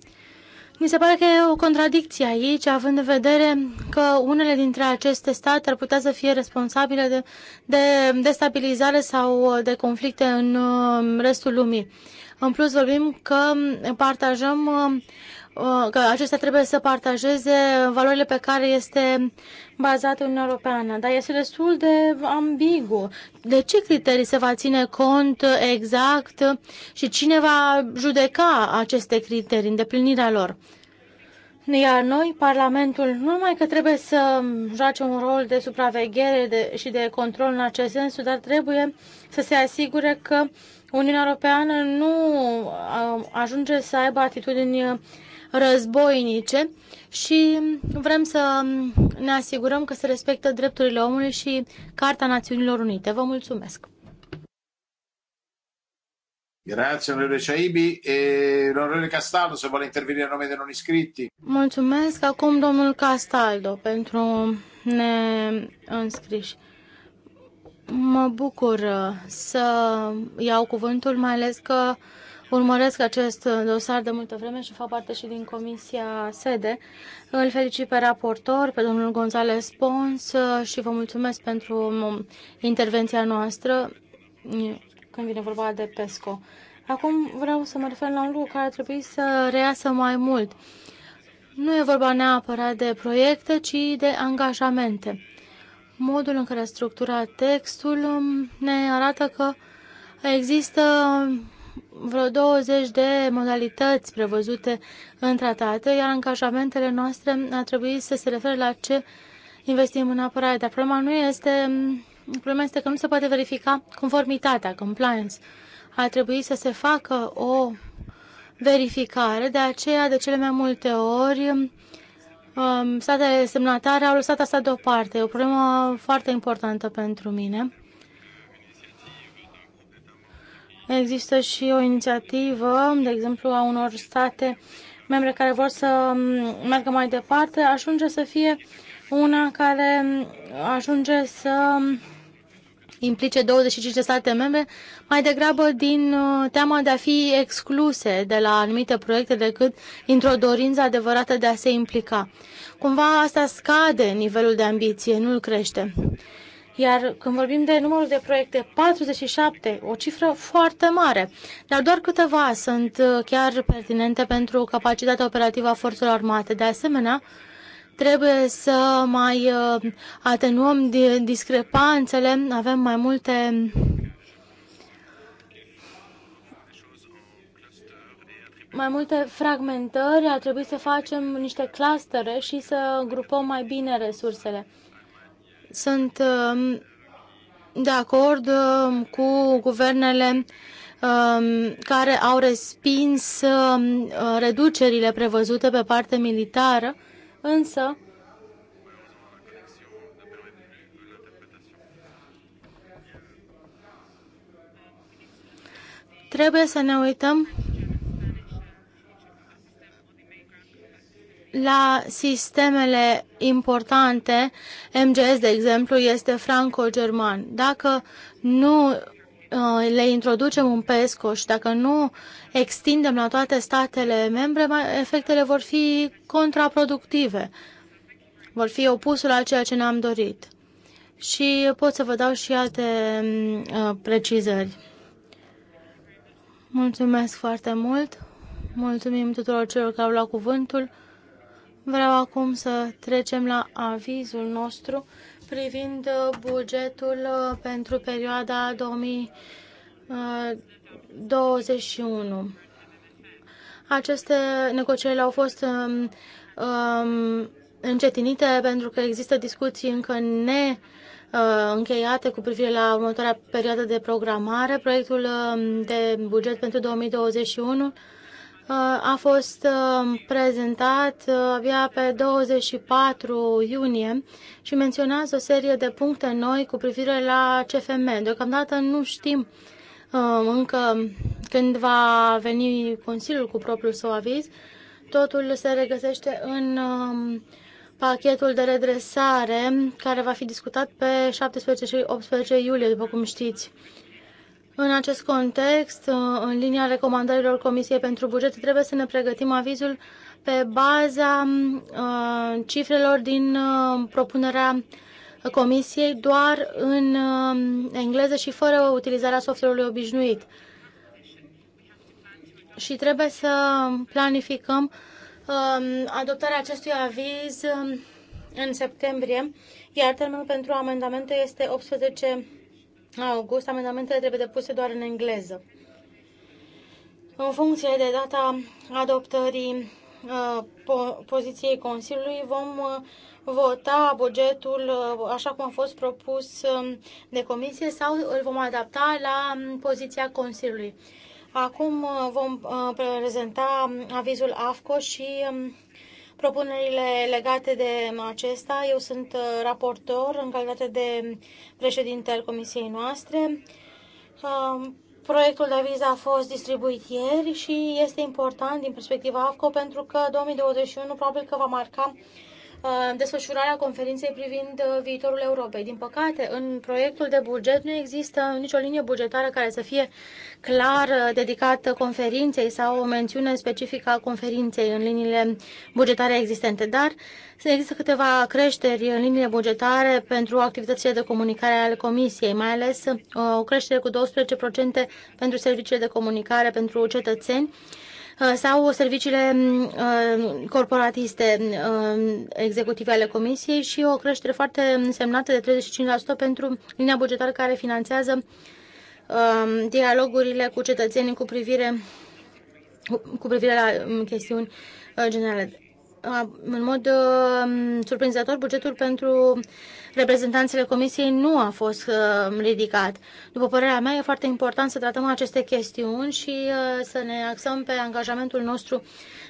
Mi se pare că e o contradicție aici, având în vedere că unele dintre aceste state ar putea să fie responsabile de, de destabilizare sau de conflicte în uh, restul lumii. În plus, vorbim că partajăm uh, Uh, că acestea trebuie să partajeze valorile pe care este bazată Uniunea Europeană, dar este destul de ambigu. De ce criterii se va ține cont exact și cine va judeca aceste criterii, îndeplinirea lor? Iar noi, Parlamentul, nu numai că trebuie să joace un rol de supraveghere de, și de control în acest sens, dar trebuie să se asigure că Uniunea Europeană nu uh, ajunge să aibă atitudini războinice și vrem să ne asigurăm că se respectă drepturile omului și Carta Națiunilor Unite. Vă mulțumesc! Grazie onorevole Ciaibi e l'onorevole Castaldo se vuole intervenire a nome dei non iscritti. Mulțumesc acum domnul Castaldo pentru neînscriși. Mă bucur să iau cuvântul, mai ales că uh, urmăresc acest dosar de multă vreme și fac parte și din Comisia Sede. Îl felicit pe raportor, pe domnul González Pons și vă mulțumesc pentru um, intervenția noastră când vine vorba de PESCO. Acum vreau să mă refer la un lucru care ar trebui să reiasă mai mult. Nu e vorba neapărat de proiecte, ci de angajamente. Modul în care a structurat textul um, ne arată că există vreo 20 de modalități prevăzute în tratate, iar angajamentele noastre ar trebui să se refere la ce investim în apărare. Dar problema nu este, problema este că nu se poate verifica conformitatea, compliance. Ar trebui să se facă o verificare, de aceea de cele mai multe ori um, statele semnatare au lăsat asta deoparte. E o problemă foarte importantă pentru mine. Există și o inițiativă, de exemplu, a unor state membre care vor să meargă mai departe, ajunge să fie una care ajunge să implice 25 de state membre, mai degrabă din uh, teama de a fi excluse de la anumite proiecte decât într-o dorință adevărată de a se implica. Cumva asta scade nivelul de ambiție, nu l crește. Iar când vorbim de numărul de proiecte, 47, o cifră foarte mare, dar doar câteva sunt uh, chiar pertinente pentru capacitatea operativă a forțelor armate. De asemenea, trebuie să mai uh, atenuăm discrepanțele, avem mai multe mai multe fragmentări, ar trebui să facem niște clustere și să grupăm mai bine resursele. Sunt um, de acord um, cu guvernele um, care au respins reducerile prevăzute pe parte militară, însă trebuie să ne uităm la sistemele importante, MGS, de exemplu, este franco-german. Dacă nu uh, le introducem un PESCO și dacă nu extindem la toate statele membre, efectele vor fi contraproductive, vor fi opusul la ceea ce ne-am dorit. Și pot să vă dau și alte mm, uh, precizări. Mulțumesc foarte mult! Mulțumim tuturor celor care au luat cuvântul. Vreau acum să trecem la avizul nostru privind uh, bugetul uh, pentru perioada 2021. Uh, Aceste negocieri au fost um, um, încetinite pentru că există discuții încă ne încheiate cu privire la următoarea perioadă de programare. Proiectul um, de buget pentru 2021 a fost uh, prezentat uh, abia pe 24 iunie și menționează o serie de puncte noi cu privire la CFM. Deocamdată nu știm uh, încă când va veni Consiliul cu propriul său aviz. Totul se regăsește în um, pachetul de redresare care va fi discutat pe 17 și 18 iulie, după cum știți. În acest context, uh, în linia recomandărilor Comisiei pentru Buget, trebuie să ne pregătim avizul pe baza uh, cifrelor din uh, propunerea Comisiei doar în engleză și fără utilizarea software-ului obișnuit. Și trebuie să planificăm um, adoptarea acestui aviz um, în septembrie, iar termenul pentru amendamente este 18 august, amendamentele trebuie depuse doar în engleză. În funcție de data adoptării uh, poziției Consiliului, vom uh, vota bugetul uh, așa cum a fost propus um, de comisie sau îl vom adapta la um, poziția Consiliului. Acum vom prezenta um, avizul AFCO și propunerile legate de acesta. Eu sunt uh, raportor în calitate de președinte al comisiei noastre. Um, proiectul de viză a fost distribuit ieri și este important din perspectiva AFCO pentru că 2021 probabil că va marca Uh, desfășurarea conferinței privind uh, viitorul Europei. Din păcate, în proiectul de buget nu există nicio linie bugetară care să fie clar uh, dedicată conferinței sau o mențiune specifică a conferinței în liniile bugetare existente, dar există câteva creșteri în liniile bugetare pentru activitățile de comunicare ale Comisiei, mai ales o creștere cu 12% pentru serviciile de comunicare pentru cetățeni, Uh, sau serviciile mm, uh, corporatiste mm, uh, executive ale Comisiei și o creștere foarte însemnată de 35% pentru linia bugetară care finanțează um, dialogurile cu cetățenii cu privire, cu privire la mm, chestiuni generale în mod um, surprinzător, bugetul pentru reprezentanțele Comisiei nu a fost um, ridicat. După părerea mea, e foarte important să tratăm aceste chestiuni și uh, să ne axăm pe angajamentul nostru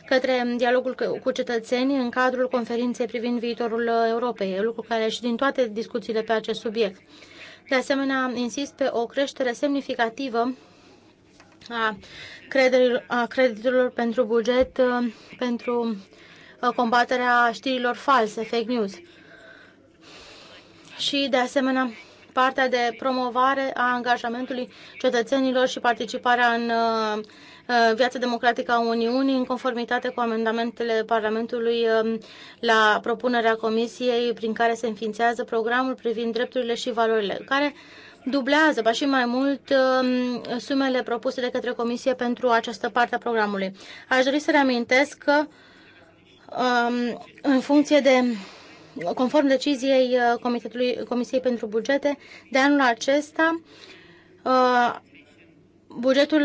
către dialogul cu cetățenii în cadrul conferinței privind viitorul uh, Europei, lucru care și din toate discuțiile pe acest subiect. De asemenea, insist pe o creștere semnificativă a, creditelor, a creditelor pentru buget uh, pentru Uh, combaterea știrilor false, fake news. Și, de asemenea, partea de promovare a angajamentului cetățenilor și participarea în uh, uh, viața democratică a Uniunii în conformitate cu amendamentele Parlamentului um, la propunerea Comisiei prin care se înființează programul privind drepturile și valorile, care dublează, ba și mai mult, um, sumele propuse de către Comisie pentru această parte a programului. Aș dori să reamintesc că Um, în funcție de conform deciziei uh, Comitetului, Comisiei pentru Bugete de anul acesta, uh, bugetul,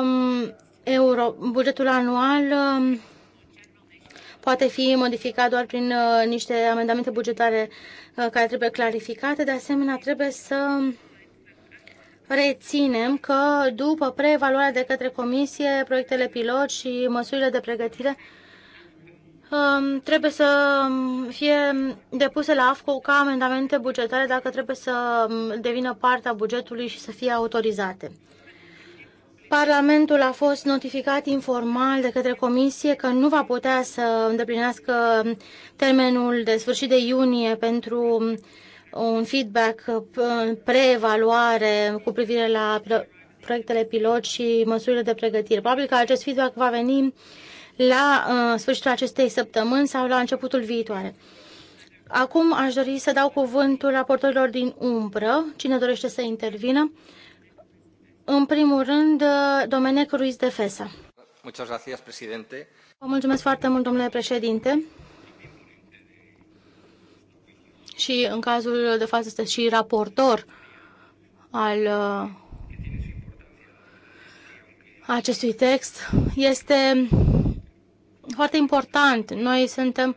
um, euro, bugetul anual um, poate fi modificat doar prin uh, niște amendamente bugetare care trebuie clarificate. De asemenea, trebuie să reținem că după preevaluarea de către Comisie, proiectele pilot și măsurile de pregătire Um, trebuie să um, fie depuse la AFCO ca amendamente bugetare dacă trebuie să um, devină partea bugetului și să fie autorizate. Parlamentul a fost notificat informal de către Comisie că nu va putea să îndeplinească termenul de sfârșit de iunie pentru un feedback uh, preevaluare cu privire la proiectele pilot și măsurile de pregătire. Probabil că acest feedback va veni la uh, sfârșitul acestei săptămâni sau la începutul viitoare. Acum aș dori să dau cuvântul raportorilor din umbră, cine dorește să intervină. În primul rând, uh, Domenec Ruiz de Fesa. Vă mulțumesc foarte mult, domnule președinte. Și în cazul de față este și raportor al uh, acestui text. Este foarte important. Noi suntem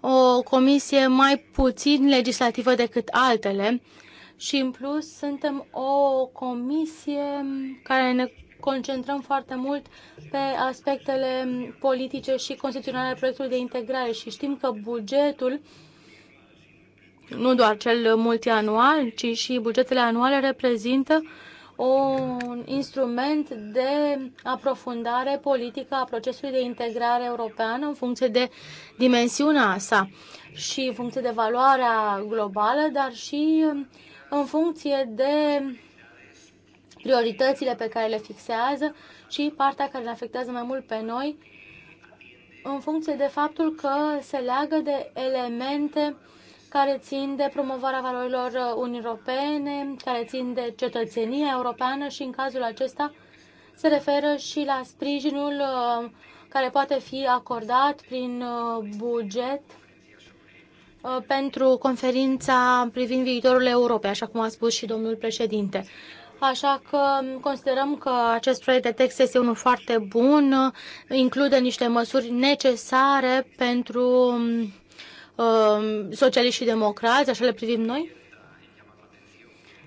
o comisie mai puțin legislativă decât altele și, în plus, suntem o comisie care ne concentrăm foarte mult pe aspectele politice și constituționale ale proiectului de integrare și știm că bugetul, nu doar cel multianual, ci și bugetele anuale reprezintă uh, un instrument de aprofundare politică a procesului de integrare europeană în funcție de dimensiunea sa și în funcție de valoarea globală, dar și în funcție de prioritățile pe care le fixează și partea care ne afectează mai mult pe noi, în funcție de faptul că se leagă de elemente uh, care țin de promovarea valorilor Uniunii uh, Europene, care țin de cetățenia europeană și în cazul acesta se referă și la sprijinul uh, care poate fi acordat prin uh, buget pentru conferința privind viitorul Europei, așa cum a spus și domnul președinte. Așa că considerăm că acest proiect de text este unul foarte bun, include niște măsuri necesare pentru um, Um, socialiști și democrați, așa le privim noi.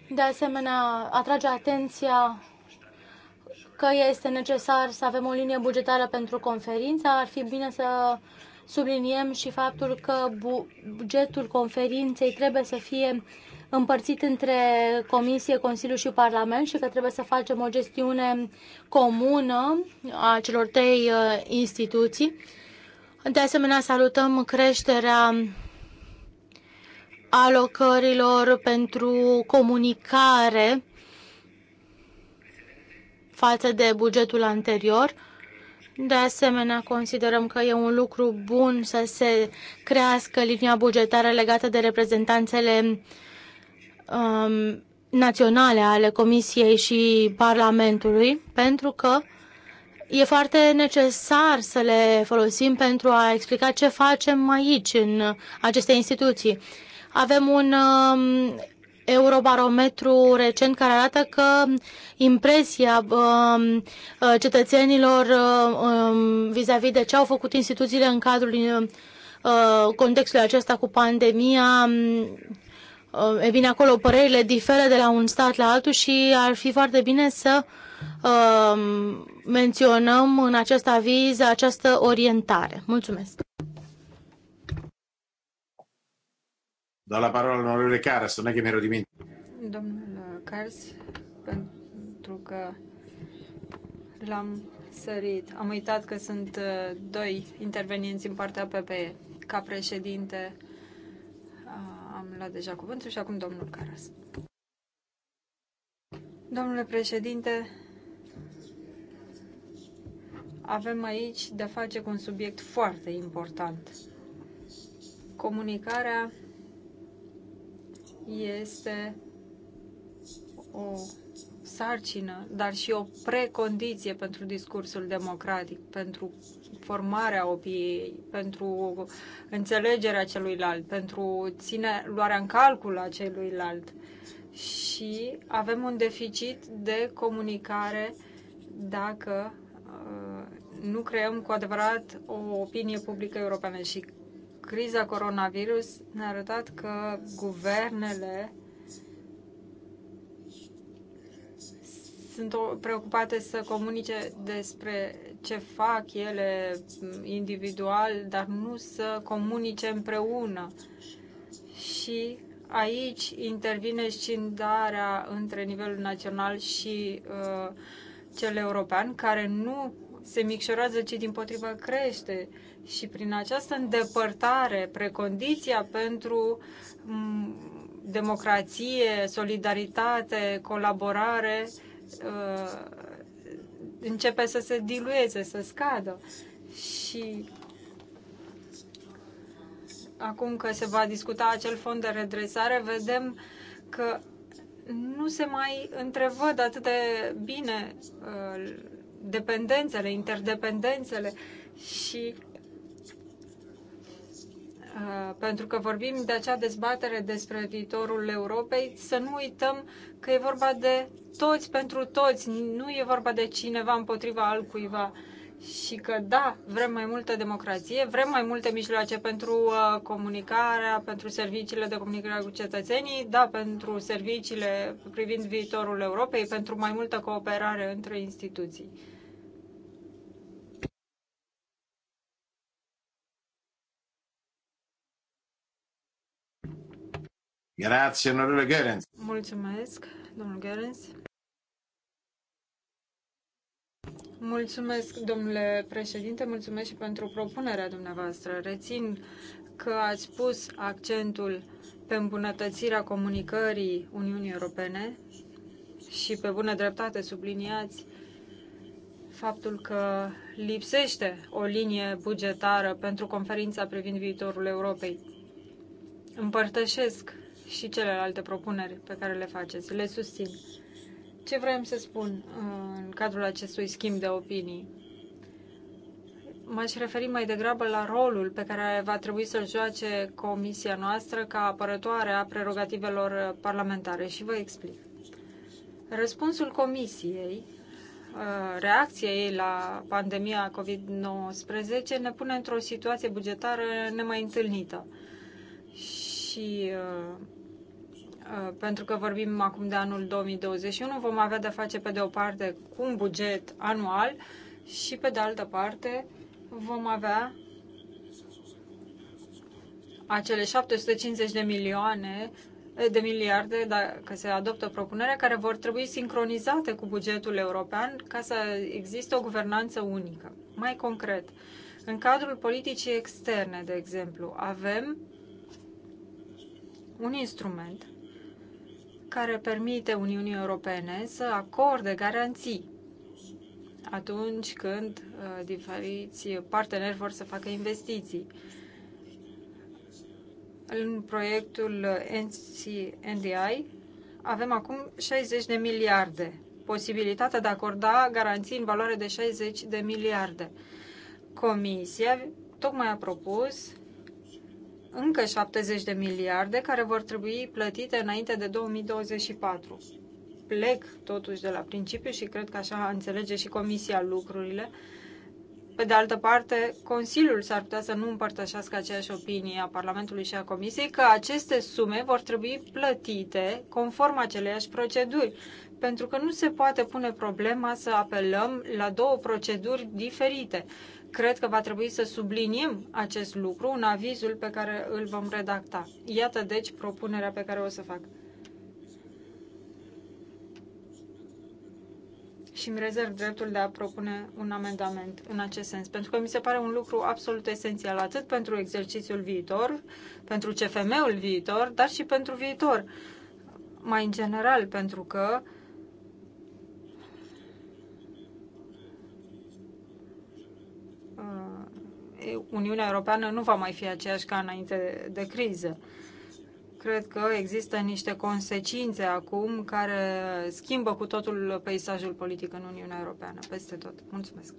De asemenea, atrage atenția că este necesar să avem o linie bugetară pentru conferință. Ar fi bine să subliniem și faptul că bugetul conferinței trebuie să fie împărțit între Comisie, Consiliu și Parlament și că trebuie să facem o gestiune comună a celor trei uh, instituții de asemenea, salutăm creșterea alocărilor pentru comunicare față de bugetul anterior. De asemenea, considerăm că e un lucru bun să se crească linia bugetară legată de reprezentanțele um, naționale ale Comisiei și Parlamentului, pentru că E foarte necesar să le folosim pentru a explica ce facem aici, în aceste instituții. Avem un um, eurobarometru recent care arată că impresia um, cetățenilor um, vis-a-vis -vis de ce au făcut instituțiile în cadrul uh, contextului acesta cu pandemia Uh, e bine, acolo părerile diferă de la un stat la altul și ar fi foarte bine să uh, menționăm în acest aviz această orientare. Mulțumesc! Dau la parola onorevole Caras, nu că mi-ero dimenticat. Domnul Caras, pentru că l-am sărit. Am uitat că sunt uh, doi intervenienți în partea PPE. Ca președinte am luat deja cuvântul și acum domnul Caras. Domnule președinte, avem aici de face cu un subiect foarte important. Comunicarea este o sarcină, dar și o precondiție pentru discursul democratic, pentru formarea opiei, pentru înțelegerea celuilalt, pentru ține, luarea în calcul a celuilalt. Și avem un deficit de comunicare dacă uh, nu creăm cu adevărat o opinie publică europeană și criza coronavirus ne-a arătat că guvernele sunt preocupate să comunice despre ce fac ele individual, dar nu să comunice împreună. Și aici intervine scindarea între nivelul național și uh, cel european, care nu se micșorează, ci din potrivă crește. Și prin această îndepărtare, precondiția pentru mm, democrație, solidaritate, colaborare, uh, uh, începe să se dilueze, să scadă. Și acum că se va discuta acel fond de redresare, vedem că nu se mai întrevăd atât de bine uh, dependențele, interdependențele și Uh, pentru că vorbim de acea dezbatere despre viitorul Europei, să nu uităm că e vorba de toți pentru toți, nu e vorba de cineva împotriva altcuiva. Și că da, vrem mai multă democrație, vrem mai multe mijloace pentru uh, comunicarea, pentru serviciile de comunicare cu cetățenii, da, pentru serviciile privind viitorul Europei, pentru mai multă cooperare între instituții. Grazie, onorevole Gerens. Mulțumesc, domnul Gerens. Mulțumesc, domnule președinte, mulțumesc și pentru propunerea dumneavoastră. Rețin că ați pus accentul pe îmbunătățirea comunicării Uniunii Europene și pe bună dreptate subliniați faptul că lipsește o linie bugetară pentru conferința privind viitorul Europei. Împărtășesc și celelalte propuneri pe care le faceți. Le susțin. Ce vreau să spun uh, în cadrul acestui schimb de opinii? M-aș referi mai degrabă la rolul pe care va trebui să-l joace comisia noastră ca apărătoare a prerogativelor parlamentare și vă explic. Răspunsul comisiei uh, reacția ei la pandemia COVID-19 ne pune într-o situație bugetară nemai întâlnită. Și uh, Uh, pentru că vorbim acum de anul 2021, vom avea de face pe de o parte cu un buget anual și pe de altă parte vom avea acele 750 de milioane eh, de miliarde, dacă se adoptă propunerea, care vor trebui sincronizate cu bugetul european ca să existe o guvernanță unică. Mai concret, în cadrul politicii externe, de exemplu, avem un instrument care permite Uniunii Europene să acorde garanții atunci când uh, diferiți parteneri vor să facă investiții. În proiectul NDI avem acum 60 de miliarde, posibilitatea de a acorda garanții în valoare de 60 de miliarde. Comisia tocmai a propus încă 70 de miliarde care vor trebui plătite înainte de 2024. Plec totuși de la principiu și cred că așa înțelege și Comisia lucrurile. Pe de altă parte, Consiliul s-ar putea să nu împărtășească aceeași opinie a Parlamentului și a Comisiei că aceste sume vor trebui plătite conform aceleiași proceduri, pentru că nu se poate pune problema să apelăm la două proceduri diferite. Cred că va trebui să subliniem acest lucru în avizul pe care îl vom redacta. Iată, deci, propunerea pe care o să fac. și îmi rezerv dreptul de a propune un amendament în acest sens, pentru că mi se pare un lucru absolut esențial, atât pentru exercițiul viitor, pentru CFM-ul viitor, dar și pentru viitor, mai în general, pentru că uh, Uniunea Europeană nu va mai fi aceeași ca înainte de criză. Cred că există niște consecințe acum care schimbă cu totul peisajul politic în Uniunea Europeană, peste tot. Mulțumesc!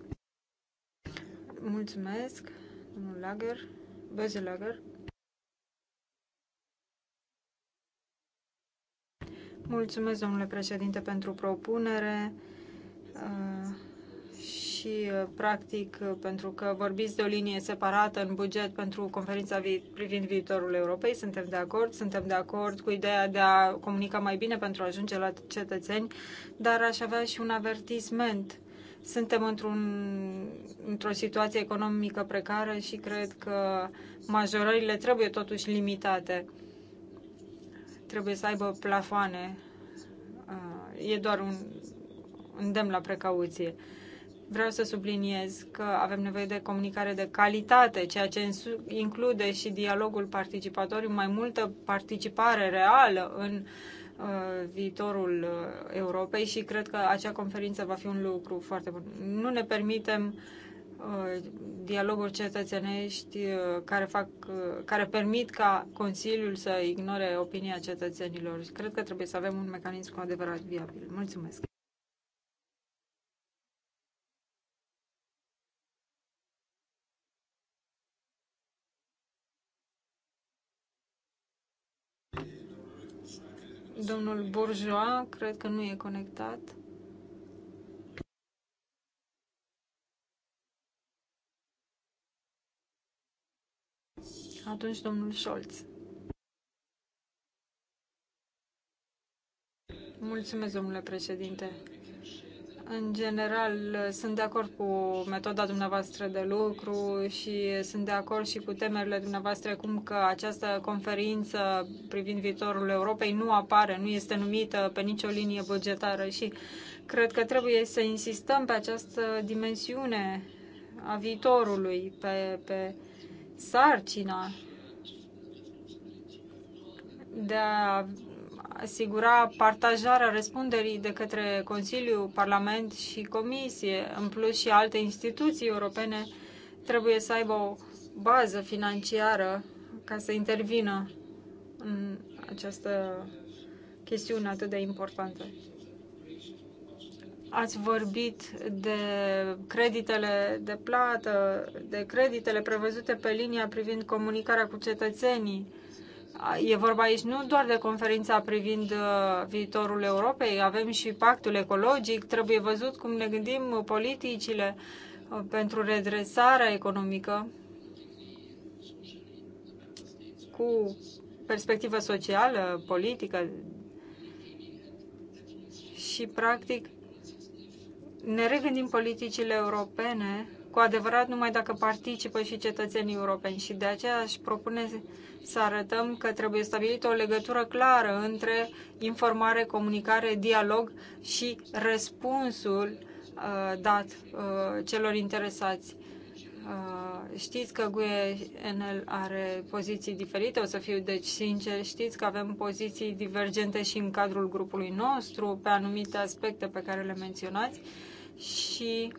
Mulțumesc, domnul Lager, Böze Lager. Mulțumesc, domnule președinte, pentru propunere. Uh, și și, uh, practic, uh, pentru că vorbiți de o linie separată în buget pentru conferința vi- privind viitorul Europei, suntem de acord, suntem de acord cu ideea de a comunica mai bine pentru a ajunge la cetățeni, dar aș avea și un avertisment. Suntem într-un, într-o situație economică precară și cred că majorările trebuie totuși limitate. Trebuie să aibă plafoane. Uh, e doar un îndemn la precauție vreau să subliniez că avem nevoie de comunicare de calitate, ceea ce include și dialogul participatoriu, mai multă participare reală în uh, viitorul uh, Europei și cred că acea conferință va fi un lucru foarte bun. Nu ne permitem dialogul uh, dialoguri cetățenești care, fac, care permit ca Consiliul să ignore opinia cetățenilor. Cred că trebuie să avem un mecanism cu adevărat viabil. Mulțumesc! domnul Bourgeois, cred că nu e conectat. Atunci domnul Scholz. Mulțumesc, domnule președinte. În general, sunt de acord cu metoda dumneavoastră de lucru și sunt de acord și cu temerile dumneavoastră cum că această conferință privind viitorul Europei nu apare, nu este numită pe nicio linie bugetară și cred că trebuie să insistăm pe această dimensiune a viitorului, pe, pe sarcina de a asigura partajarea răspunderii de către Consiliu, Parlament și Comisie, în plus și alte instituții europene trebuie să aibă o bază financiară ca să intervină în această chestiune atât de importantă. Ați vorbit de creditele de plată, de creditele prevăzute pe linia privind comunicarea cu cetățenii, E vorba aici nu doar de conferința privind uh, viitorul Europei, avem și pactul ecologic, trebuie văzut cum ne gândim politicile uh, pentru redresarea economică cu perspectivă socială, politică și, practic, ne regândim politicile europene cu adevărat numai dacă participă și cetățenii europeni și de aceea aș propune să arătăm că trebuie stabilită o legătură clară între informare, comunicare, dialog și răspunsul uh, dat uh, celor interesați. Uh, știți că GUE NL are poziții diferite, o să fiu deci sincer, știți că avem poziții divergente și în cadrul grupului nostru pe anumite aspecte pe care le menționați și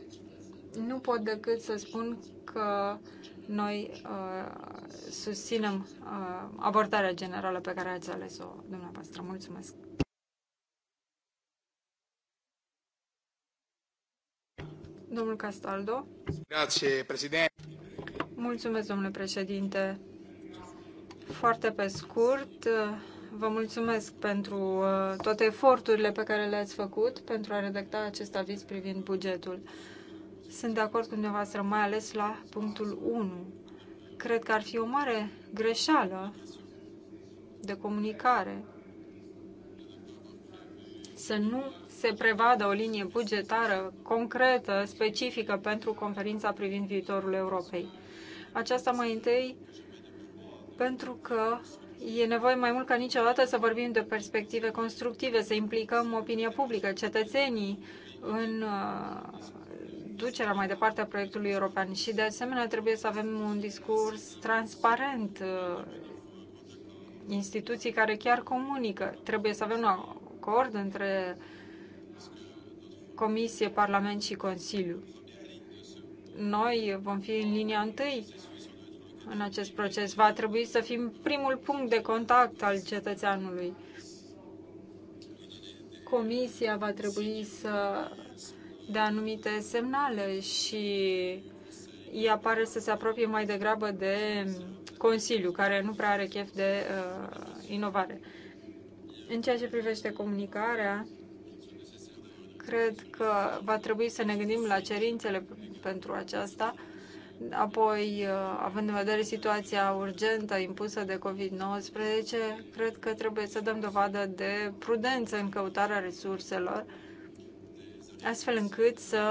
nu pot decât să spun că noi uh, susținem uh, abordarea generală pe care ați ales-o dumneavoastră. Mulțumesc! Domnul Castaldo. Grazie, președinte. Mulțumesc, domnule președinte. Foarte pe scurt, vă mulțumesc pentru uh, toate eforturile pe care le-ați făcut pentru a redacta acest aviz privind bugetul. Sunt de acord cu dumneavoastră, mai ales la punctul 1. Cred că ar fi o mare greșeală de comunicare să nu se prevadă o linie bugetară concretă, specifică pentru conferința privind viitorul Europei. Aceasta mai întâi pentru că e nevoie mai mult ca niciodată să vorbim de perspective constructive, să implicăm opinia publică, cetățenii în uh, ducerea mai departe a proiectului european și de asemenea trebuie să avem un discurs transparent, uh, instituții care chiar comunică. Trebuie să avem un acord între Comisie, Parlament și Consiliu. Noi vom fi în linia întâi în acest proces. Va trebui să fim primul punct de contact al cetățeanului. Comisia va trebui să de anumite semnale și ea pare să se apropie mai degrabă de Consiliu, care nu prea are chef de uh, inovare. În ceea ce privește comunicarea, cred că va trebui să ne gândim la cerințele pentru aceasta, apoi, uh, având în vedere situația urgentă impusă de COVID-19, cred că trebuie să dăm dovadă de prudență în căutarea resurselor astfel încât să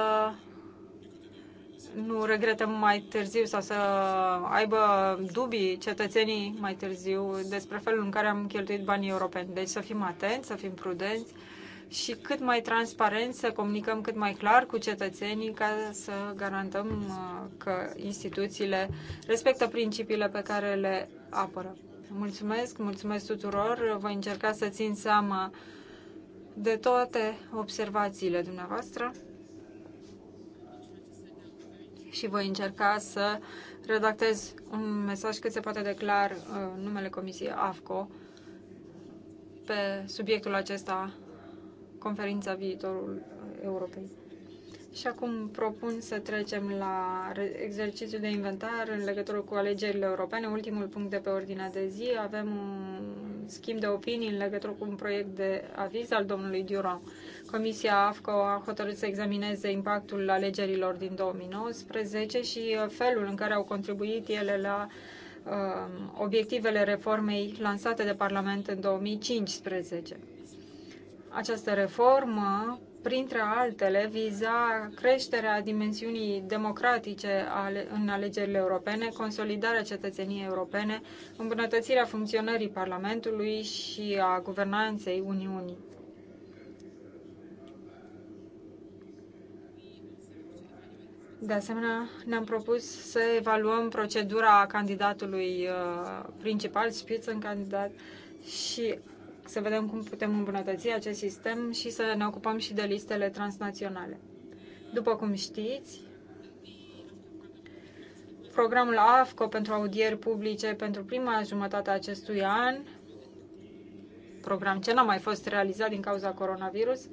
nu regretăm mai târziu sau să aibă dubii cetățenii mai târziu despre felul în care am cheltuit banii europeni. Deci să fim atenți, să fim prudenți și cât mai transparent să comunicăm cât mai clar cu cetățenii ca să garantăm uh, că instituțiile respectă principiile pe care le apără. Mulțumesc, mulțumesc tuturor. Voi încerca să țin seama de toate observațiile dumneavoastră și voi încerca să redactez un mesaj cât se poate de clar uh, numele Comisiei AFCO pe subiectul acesta, conferința viitorul Europei. Și acum propun să trecem la exercițiul de inventar în legătură cu alegerile europene, ultimul punct de pe ordinea de zi. Avem un schimb de opinii în legătură cu un proiect de aviz al domnului Duran. Comisia AFCO a hotărât să examineze impactul alegerilor din 2019 și uh, felul în care au contribuit ele la uh, obiectivele reformei lansate de Parlament în 2015. Această reformă printre altele, viza creșterea dimensiunii democratice în alegerile europene, consolidarea cetățeniei europene, îmbunătățirea funcționării Parlamentului și a guvernanței Uniunii. De asemenea, ne-am propus să evaluăm procedura candidatului uh, principal, Spitzenkandidat, candidat, și să vedem cum putem îmbunătăți acest sistem și să ne ocupăm și de listele transnaționale. După cum știți, programul AFCO pentru audieri publice pentru prima jumătate a acestui an, program ce n-a mai fost realizat din cauza coronavirus,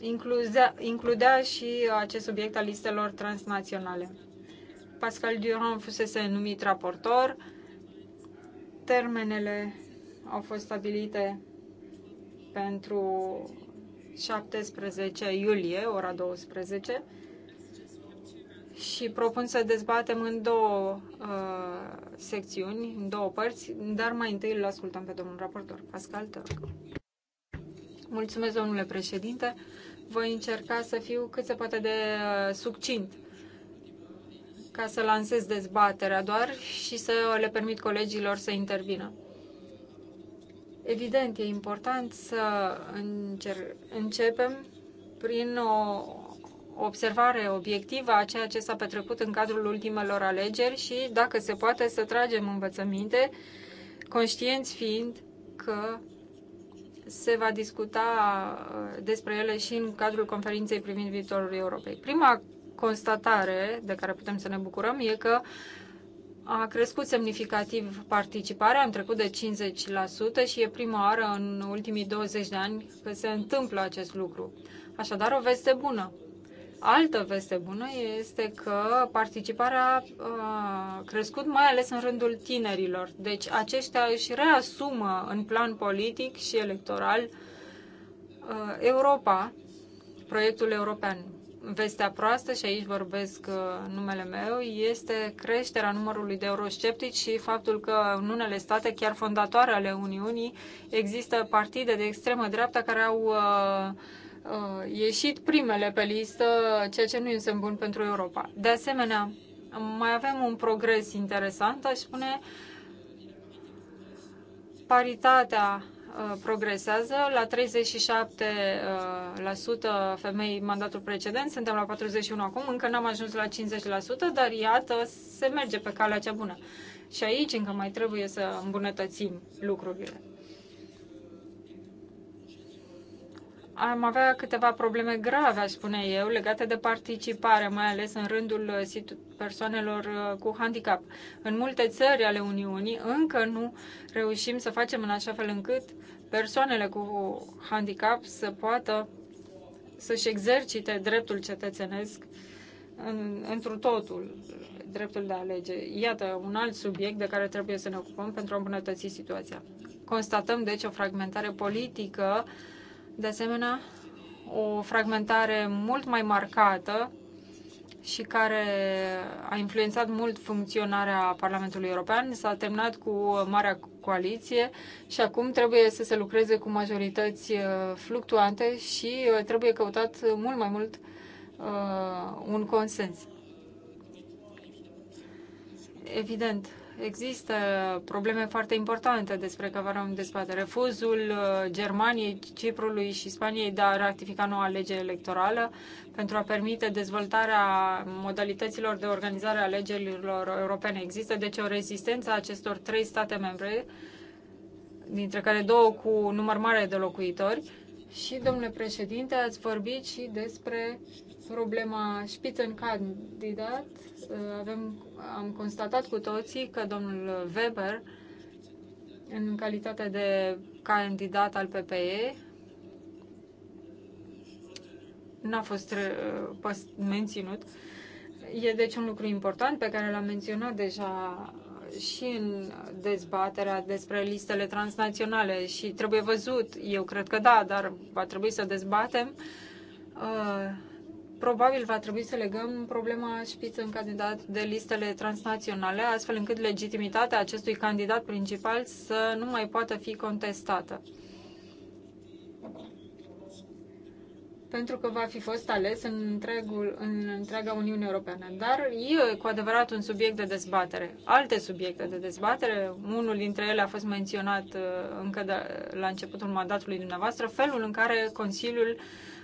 includea, includea și acest subiect al listelor transnaționale. Pascal Durand fusese numit raportor. Termenele au fost stabilite pentru 17 iulie, ora 12, și propun să dezbatem în două uh, secțiuni, în două părți, dar mai întâi îl ascultăm pe domnul raportor, Pascal Tăr. Mulțumesc, domnule președinte. Voi încerca să fiu cât se poate de uh, succint ca să lansez dezbaterea doar și să le permit colegilor să intervină. Evident, e important să începem prin o observare obiectivă a ceea ce s-a petrecut în cadrul ultimelor alegeri și, dacă se poate, să tragem învățăminte, conștienți fiind că se va discuta uh, despre ele și în cadrul conferinței privind viitorul Europei. Prima constatare de care putem să ne bucurăm e că uh, a crescut semnificativ participarea, am trecut de 50% și e prima oară în ultimii 20 de ani că se întâmplă acest lucru. Așadar, o veste bună. Altă veste bună este că participarea uh, a crescut mai ales în rândul tinerilor. Deci aceștia își reasumă în plan politic și electoral uh, Europa, proiectul european vestea proastă, și aici vorbesc uh, numele meu, este creșterea numărului de eurosceptici și faptul că în unele state, chiar fondatoare ale Uniunii, există partide de extremă dreapta care au uh, uh, ieșit primele pe listă, ceea ce nu este bun pentru Europa. De asemenea, mai avem un progres interesant, aș spune, paritatea Uh, progresează. La 37% uh, femei mandatul precedent, suntem la 41% acum, încă n-am ajuns la 50%, dar iată, se merge pe calea cea bună. Și aici încă mai trebuie să îmbunătățim lucrurile. am avea câteva probleme grave, aș spune eu, legate de participare, mai ales în rândul uh, persoanelor uh, cu handicap. În multe țări ale Uniunii încă nu reușim să facem în așa fel încât persoanele cu handicap să poată să-și exercite dreptul cetățenesc în, întru totul, dreptul de a alege. Iată un alt subiect de care trebuie să ne ocupăm pentru a îmbunătăți situația. Constatăm, deci, o fragmentare politică uh, de asemenea, o fragmentare mult mai marcată și care a influențat mult funcționarea Parlamentului European. S-a terminat cu Marea Coaliție și acum trebuie să se lucreze cu majorități uh, fluctuante și uh, trebuie căutat mult mai mult uh, un consens. Evident, există probleme foarte importante despre care vom dezbate. Refuzul uh, Germaniei, Ciprului și Spaniei de a ratifica noua lege electorală pentru a permite dezvoltarea modalităților de organizare a alegerilor europene. Există deci o rezistență a acestor trei state membre, dintre care două cu număr mare de locuitori, și, domnule președinte, ați vorbit și despre problema Spitzenkandidat. Avem, am constatat cu toții că domnul Weber, în calitate de candidat al PPE, n-a fost menținut. E deci un lucru important pe care l-am menționat deja și în dezbaterea despre listele transnaționale și trebuie văzut, eu cred că da, dar va trebui să dezbatem. Uh, probabil va trebui să legăm problema șpiță în candidat de listele transnaționale, astfel încât legitimitatea acestui candidat principal să nu mai poată fi contestată. pentru că va fi fost ales în, întregul, în întreaga Uniune Europeană. Dar e cu adevărat un subiect de dezbatere. Alte subiecte de dezbatere, unul dintre ele a fost menționat uh, încă de, la începutul mandatului dumneavoastră, felul în care Consiliul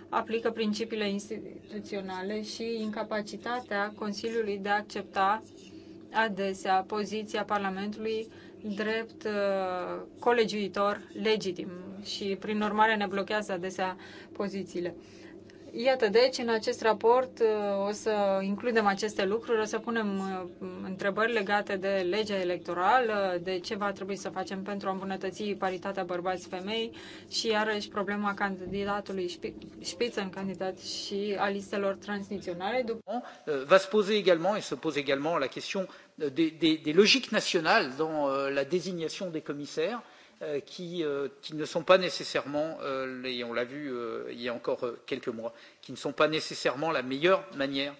aplică principiile instituționale și incapacitatea Consiliului de a accepta adesea poziția Parlamentului uh, drept uh, colegiuitor legitim și, prin urmare, ne blochează adesea pozițiile. Iată, deci, în acest raport uh, o să includem aceste lucruri, o să punem uh, întrebări legate de legea electorală, de ce va trebui să facem pentru a îmbunătăți paritatea bărbați-femei și, iarăși, problema candidatului în candidat și a listelor transnaționale. Va se pose également, et se pose également la question des, des, des logiques nationales dans euh, la désignation des commissaires euh, qui, euh, qui ne sont pas nécessairement et on l'a vu il y a encore quelques mois qui ne sont pas nécessairement la meilleure manière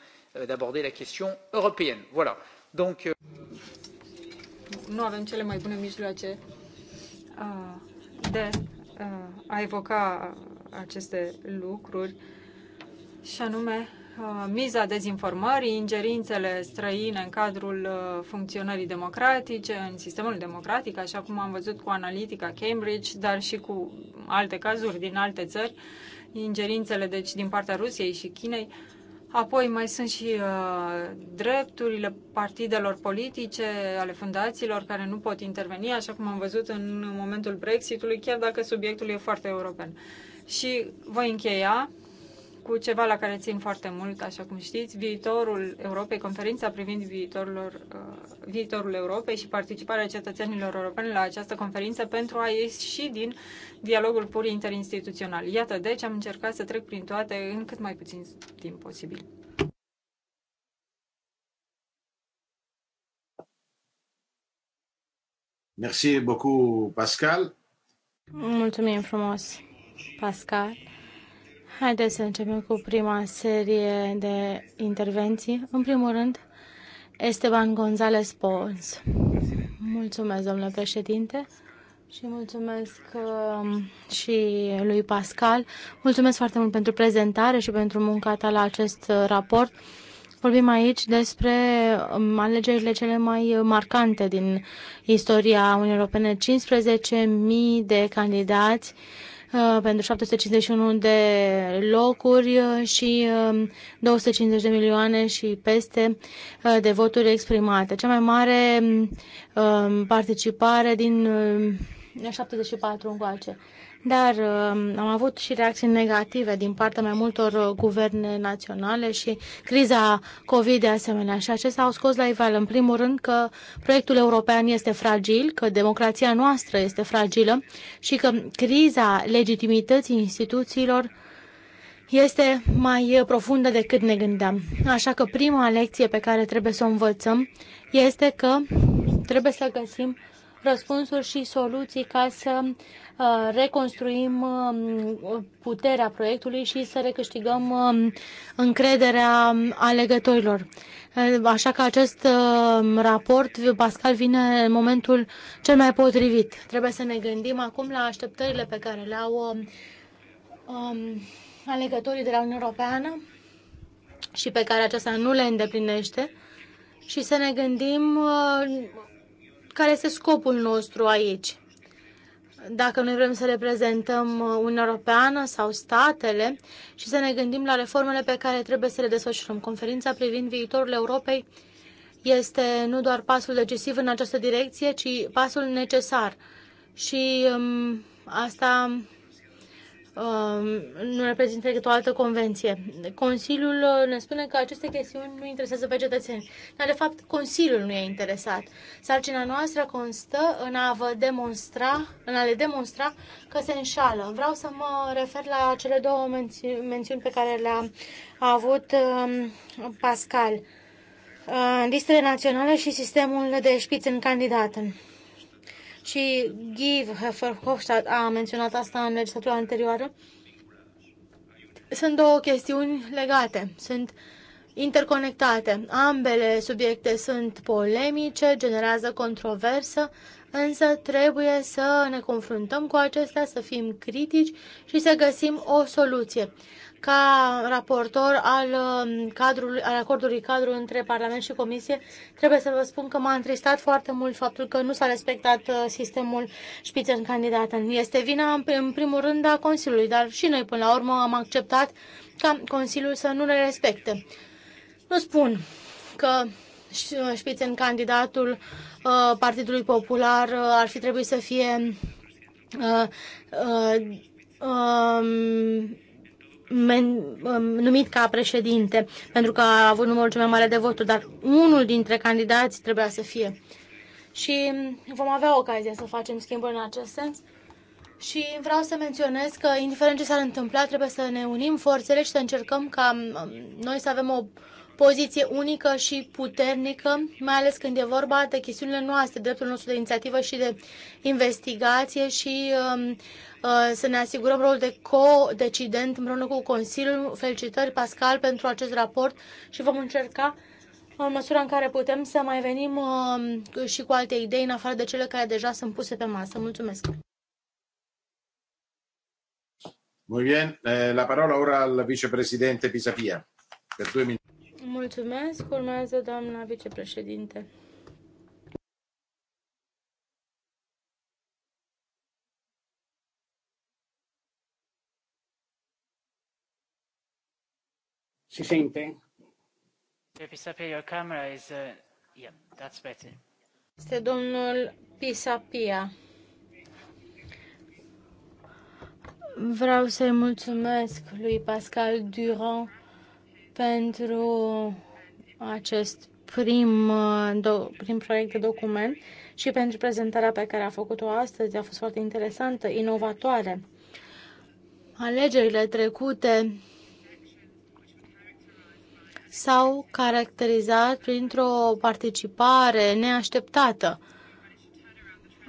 d'aborder la question européenne. Voilà. Donc avem cele mai bune mijloace de a evoca aceste lucruri și anume Uh, miza dezinformării, ingerințele străine în cadrul uh, funcționării democratice, în sistemul democratic, așa cum am văzut cu analitica Cambridge, dar și cu alte cazuri din alte țări, ingerințele deci din partea Rusiei și Chinei. Apoi mai sunt și uh, drepturile partidelor politice, ale fundațiilor care nu pot interveni, așa cum am văzut în momentul Brexitului, chiar dacă subiectul e foarte european. Și voi încheia cu ceva la care țin foarte mult, așa cum știți, viitorul Europei, conferința privind viitorilor, uh, viitorul Europei și participarea cetățenilor europeni la această conferință pentru a ieși din dialogul pur interinstituțional. Iată, deci am încercat să trec prin toate în cât mai puțin timp posibil. Merci beaucoup, Pascal. Mulțumim frumos, Pascal. Haideți să începem cu prima serie de intervenții. În primul rând, Esteban González Pons. Mulțumesc, domnule președinte, și mulțumesc um, și lui Pascal. Mulțumesc foarte mult pentru prezentare și pentru munca ta la acest raport. Vorbim aici despre um, alegerile cele mai marcante din istoria Uniunii Europene. 15.000 de candidați uh, Uh, pentru 751 de locuri uh, și 250 um, de milioane și peste uh, de voturi exprimate. Cea mai mare um, participare din 74 încoace. Dar um, am avut și reacții negative din partea mai multor uh, guverne naționale și criza COVID de asemenea. Și acestea au scos la iveală, în primul rând, că proiectul european este fragil, că democrația noastră este fragilă și că criza legitimității instituțiilor este mai uh, profundă decât ne gândeam. Așa că prima lecție pe care trebuie să o învățăm este că trebuie să găsim răspunsuri și soluții ca să uh, reconstruim uh, puterea proiectului și să recâștigăm um, încrederea um, alegătorilor. Uh, așa că acest um, raport, Pascal, vine în momentul cel mai potrivit. Trebuie să ne gândim acum la așteptările pe care le au alegătorii de la Uniunea Europeană și pe care aceasta nu le îndeplinește și să ne gândim care este scopul nostru aici. Dacă noi vrem să reprezentăm uh, Uniunea Europeană sau statele și să ne gândim la reformele pe care trebuie să le desfășurăm. Conferința privind viitorul Europei este nu doar pasul decisiv în această direcție, ci pasul necesar. Și um, asta Um, nu reprezintă decât o altă convenție. Consiliul uh, ne spune că aceste chestiuni nu interesează pe cetățeni, dar de fapt Consiliul nu e interesat. Sarcina noastră constă în a vă demonstra, în a le demonstra că se înșală. Vreau să mă refer la cele două menți- mențiuni pe care le-a avut um, Pascal. Uh, listele naționale și sistemul de șpiț în candidat her for Verhofstadt a menționat asta în legislatura anterioară, sunt două chestiuni legate, sunt interconectate. Ambele subiecte sunt polemice, generează controversă, însă trebuie să ne confruntăm cu acestea, să fim critici și să găsim o soluție ca raportor al, um, cadrului, al acordului cadru între Parlament și Comisie, trebuie să vă spun că m-a întristat foarte mult faptul că nu s-a respectat uh, sistemul în candidat. Este vina, în primul rând, a Consiliului, dar și noi, până la urmă, am acceptat ca Consiliul să nu le respecte. Nu spun că în uh, candidatul uh, Partidului Popular ar fi trebuit să fie uh, uh, uh, men, um, numit ca președinte, pentru că a avut numărul cel mai mare de voturi, dar unul dintre candidați trebuia să fie. Și vom avea ocazia să facem schimburi în acest sens. Și vreau să menționez că, indiferent ce s-ar întâmpla, trebuie să ne unim forțele și să încercăm ca um, noi să avem o poziție unică și puternică, mai ales când e vorba de chestiunile noastre, dreptul nostru de inițiativă și de investigație și um, uh, să ne asigurăm rolul de co-decident împreună cu Consiliul. Felicitări, Pascal, pentru acest raport și vom încerca în măsura în care putem să mai venim uh, și cu alte idei în afară de cele care deja sunt puse pe masă. Mulțumesc! Muy bien, eh, la palabra ahora al vicepresidente Pisapia per due minuti. Mulțumesc. Urmează doamna vicepreședinte. se sente? Pisa your camera is, uh, yeah, that's better. Este domnul Pisapia. Vreau să-i mulțumesc lui Pascal Durand pentru acest prim, uh, do, prim proiect de document și pentru prezentarea pe care a făcut-o astăzi. A fost foarte interesantă, inovatoare. Alegerile trecute s-au caracterizat printr-o participare neașteptată.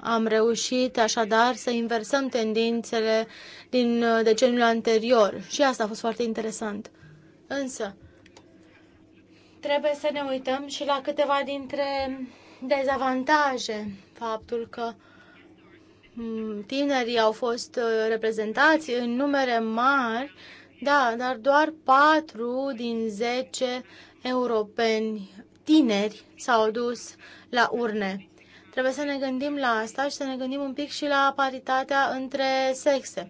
Am reușit așadar să inversăm tendințele din uh, deceniul anterior și asta a fost foarte interesant. Însă, trebuie să ne uităm și la câteva dintre dezavantaje. Faptul că mm, tinerii au fost uh, reprezentați în numere mari, da, dar doar 4 din 10 europeni tineri s-au dus la urne. Trebuie să ne gândim la asta și să ne gândim un pic și la paritatea între sexe.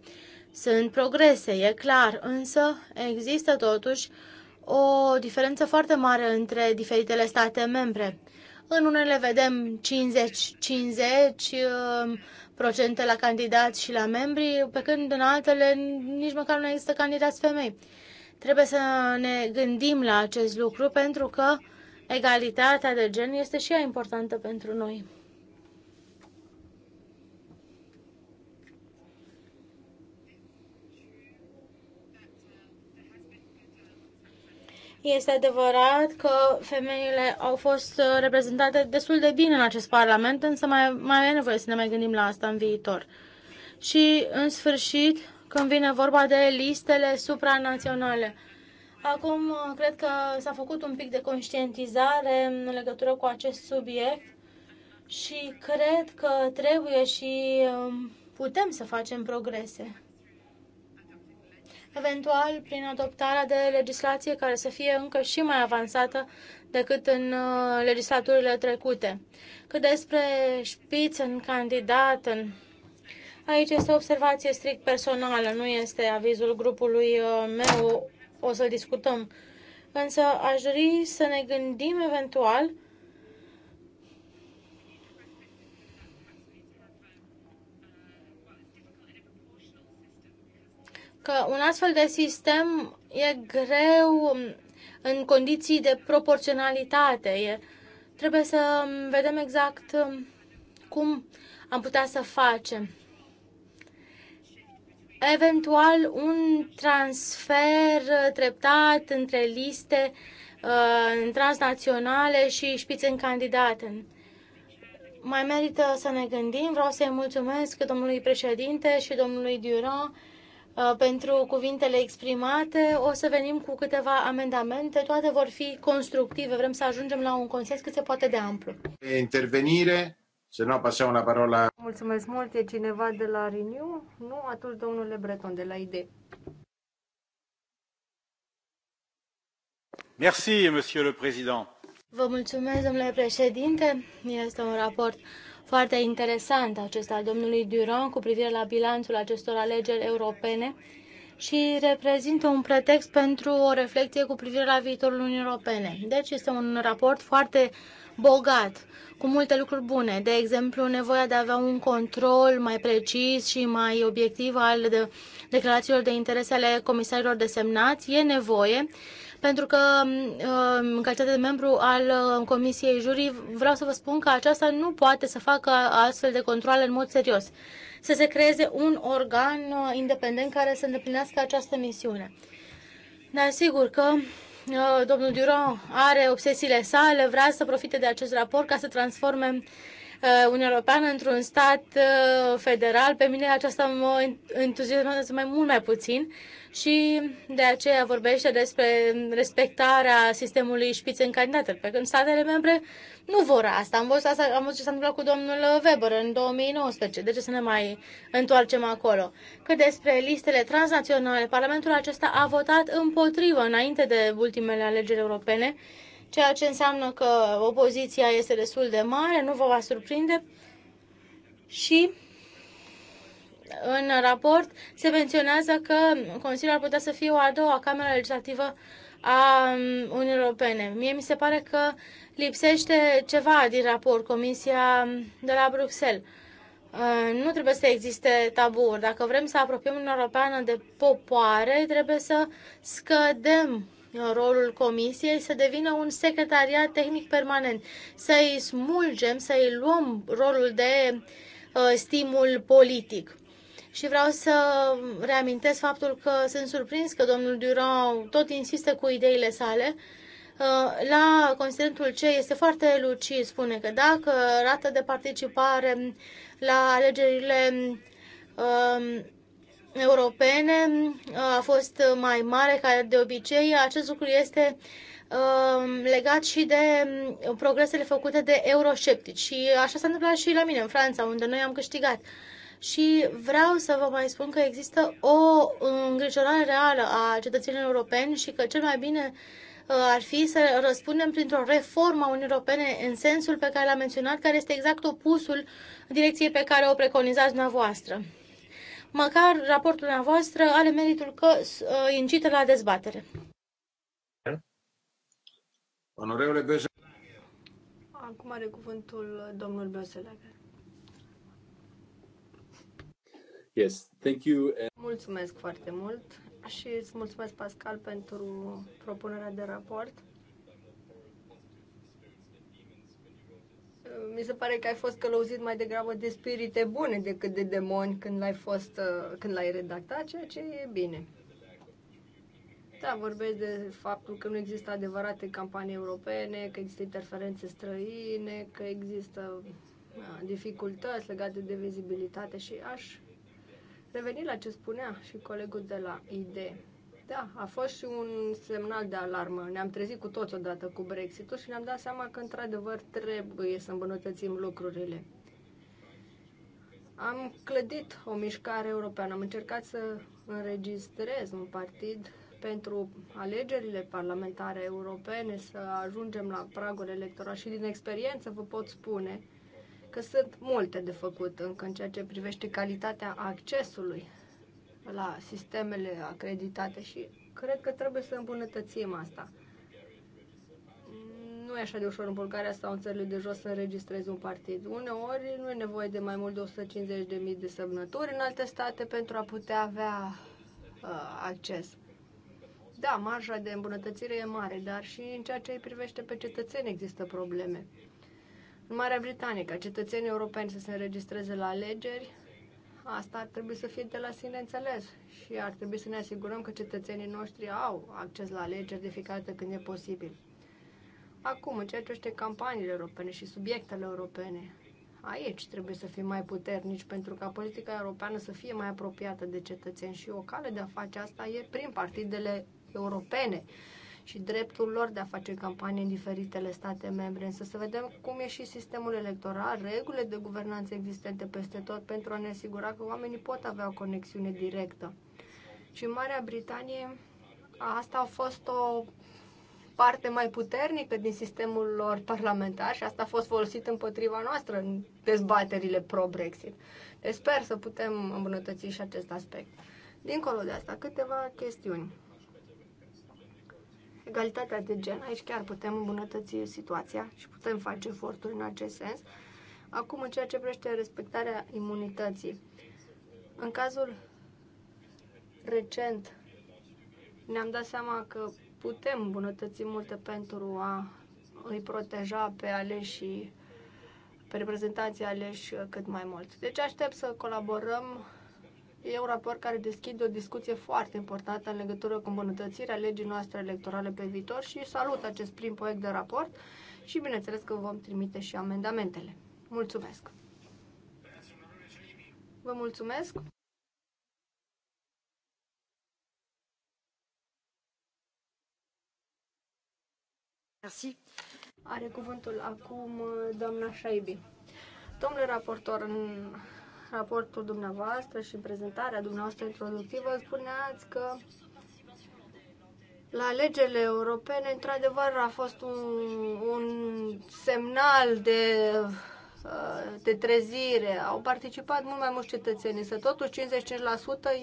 Sunt progrese, e clar, însă există totuși o diferență foarte mare între diferitele state membre. În unele vedem 50-50 um, procente la candidați și la membri, pe când în altele nici măcar nu există candidați femei. Trebuie să ne gândim la acest lucru pentru că egalitatea de gen este și ea importantă pentru noi. Este adevărat că femeile au fost uh, reprezentate destul de bine în acest parlament, însă mai, mai e nevoie să ne mai gândim la asta în viitor. Și, în sfârșit, când vine vorba de listele supranaționale. Acum, uh, cred că s-a făcut un pic de conștientizare în legătură cu acest subiect și cred că trebuie și um, putem să facem progrese eventual prin adoptarea de legislație care să fie încă și mai avansată decât în uh, legislaturile trecute. Cât despre șpiț în candidat, în... aici este o observație strict personală, nu este avizul grupului uh, meu, o să discutăm. Însă aș dori să ne gândim eventual că un astfel de sistem e greu um, în condiții de proporționalitate. E, trebuie să um, vedem exact um, cum am putea să facem. Eventual un transfer treptat între liste uh, transnaționale și șpițe în candidate. Mai merită să ne gândim. Vreau să-i mulțumesc domnului președinte și domnului Durand Uh, pentru cuvintele exprimate. O să venim cu câteva amendamente, toate vor fi constructive. Vrem să ajungem la un consens cât se poate de amplu. Intervenire, să nu pasăm la parola. Mulțumesc mult. E cineva de la Renew? Nu? Atunci domnule Breton de la ID. Merci, monsieur le président. Vă mulțumesc, domnule președinte. Este un raport foarte interesant acesta al domnului Durand cu privire la bilanțul acestor alegeri europene și reprezintă un pretext pentru o reflecție cu privire la viitorul Uniunii Europene. Deci este un raport foarte bogat, cu multe lucruri bune. De exemplu, nevoia de a avea un control mai precis și mai obiectiv al declarațiilor de interese ale comisarilor desemnați. E nevoie pentru că uh, în calitate de membru al uh, Comisiei Jurii vreau să vă spun că aceasta nu poate să facă astfel de controle în mod serios. Să se creeze un organ uh, independent care să îndeplinească această misiune. Dar sigur că domnul Duron are obsesiile sale, vrea să profite de acest raport ca să transforme Uniunea Europeană într-un stat federal. Pe mine aceasta mă entuziasmează mai mult mai puțin și de aceea vorbește despre respectarea sistemului șpiță în candidată, pe când statele membre nu vor asta. Am văzut, asta, am văzut ce s-a întâmplat cu domnul Weber în 2019, de ce să ne mai întoarcem acolo? Că despre listele transnaționale, Parlamentul acesta a votat împotrivă înainte de ultimele alegeri europene, ceea ce înseamnă că opoziția este destul de mare, nu vă va surprinde și în raport se menționează că Consiliul ar putea să fie o a doua cameră legislativă a um, Uniunii Europene. Mie mi se pare că lipsește ceva din raport, Comisia um, de la Bruxelles. Uh, nu trebuie să existe taburi. Dacă vrem să apropiem Uniunea Europeană de popoare, trebuie să scădem uh, rolul comisiei să devină un secretariat tehnic permanent, să-i smulgem, să-i luăm rolul de uh, stimul politic și vreau să reamintesc faptul că sunt surprins că domnul Durand tot insistă cu ideile sale. Uh, la considerentul C este foarte lucid, spune că dacă rata de participare la alegerile um, europene uh, a fost mai mare ca de obicei, acest lucru este um, legat și de um, progresele făcute de eurosceptici. Și așa s-a întâmplat și la mine în Franța, unde noi am câștigat și vreau să vă mai spun că există o îngrijorare reală a cetățenilor europeni și că cel mai bine uh, ar fi să răspundem printr-o reformă a Uniunii Europene în sensul pe care l-am menționat, care este exact opusul direcției pe care o preconizați dumneavoastră. Măcar raportul dumneavoastră are meritul că uh, incită la dezbatere. Onorevole Beja. Acum are cuvântul domnul Beoseleagă. Yes, thank you. Mulțumesc foarte mult și îți mulțumesc, Pascal, pentru propunerea de raport. Mi se pare că ai fost călăuzit mai degrabă de spirite bune decât de demoni când l-ai, fost, uh, când l-ai redactat, ceea ce e bine. Da, vorbesc de faptul că nu există adevărate campanii europene, că există interferențe străine, că există uh, dificultăți legate de vizibilitate și aș reveni la ce spunea și colegul de la ID. Da, a fost și un semnal de alarmă. Ne-am trezit cu toți odată cu Brexit-ul și ne-am dat seama că, într-adevăr, trebuie să îmbunătățim lucrurile. Am clădit o mișcare europeană, am încercat să înregistrez un partid pentru alegerile parlamentare europene, să ajungem la pragul electoral și din experiență vă pot spune că sunt multe de făcut încă în ceea ce privește calitatea accesului la sistemele acreditate și cred că trebuie să îmbunătățim asta. Nu e așa de ușor în Bulgaria sau în țările de jos să înregistrezi un partid. Uneori nu e nevoie de mai mult de 150.000 de semnături în alte state pentru a putea avea uh, acces. Da, marja de îmbunătățire e mare, dar și în ceea ce îi privește pe cetățeni există probleme. În Marea Britanie, ca cetățenii europeni să se înregistreze la alegeri, asta ar trebui să fie de la sine înțeles și ar trebui să ne asigurăm că cetățenii noștri au acces la alegeri de fiecare dată când e posibil. Acum, în ceea ce este campaniile europene și subiectele europene, aici trebuie să fim mai puternici pentru ca politica europeană să fie mai apropiată de cetățeni și o cale de a face asta e prin partidele europene și dreptul lor de a face campanie în diferitele state membre. Însă să vedem cum e și sistemul electoral, regulile de guvernanță existente peste tot pentru a ne asigura că oamenii pot avea o conexiune directă. Și în Marea Britanie asta a fost o parte mai puternică din sistemul lor parlamentar și asta a fost folosit împotriva noastră în dezbaterile pro-Brexit. Deci sper să putem îmbunătăți și acest aspect. Dincolo de asta, câteva chestiuni egalitatea de gen. Aici chiar putem îmbunătăți situația și putem face eforturi în acest sens. Acum, în ceea ce privește respectarea imunității, în cazul recent ne-am dat seama că putem îmbunătăți multe pentru a îi proteja pe aleșii, pe reprezentanții aleși cât mai mult. Deci aștept să colaborăm E un raport care deschide o discuție foarte importantă în legătură cu îmbunătățirea legii noastre electorale pe viitor și salut acest prim proiect de raport și bineînțeles că vom trimite și amendamentele. Mulțumesc! Vă mulțumesc! Merci. Are cuvântul acum doamna Shaibi. Domnule raportor, în raportul dumneavoastră și prezentarea dumneavoastră introductivă, spuneați că la alegerile europene, într-adevăr, a fost un, un semnal de, uh, de trezire. Au participat mult mai mulți cetățeni, să totuși 55%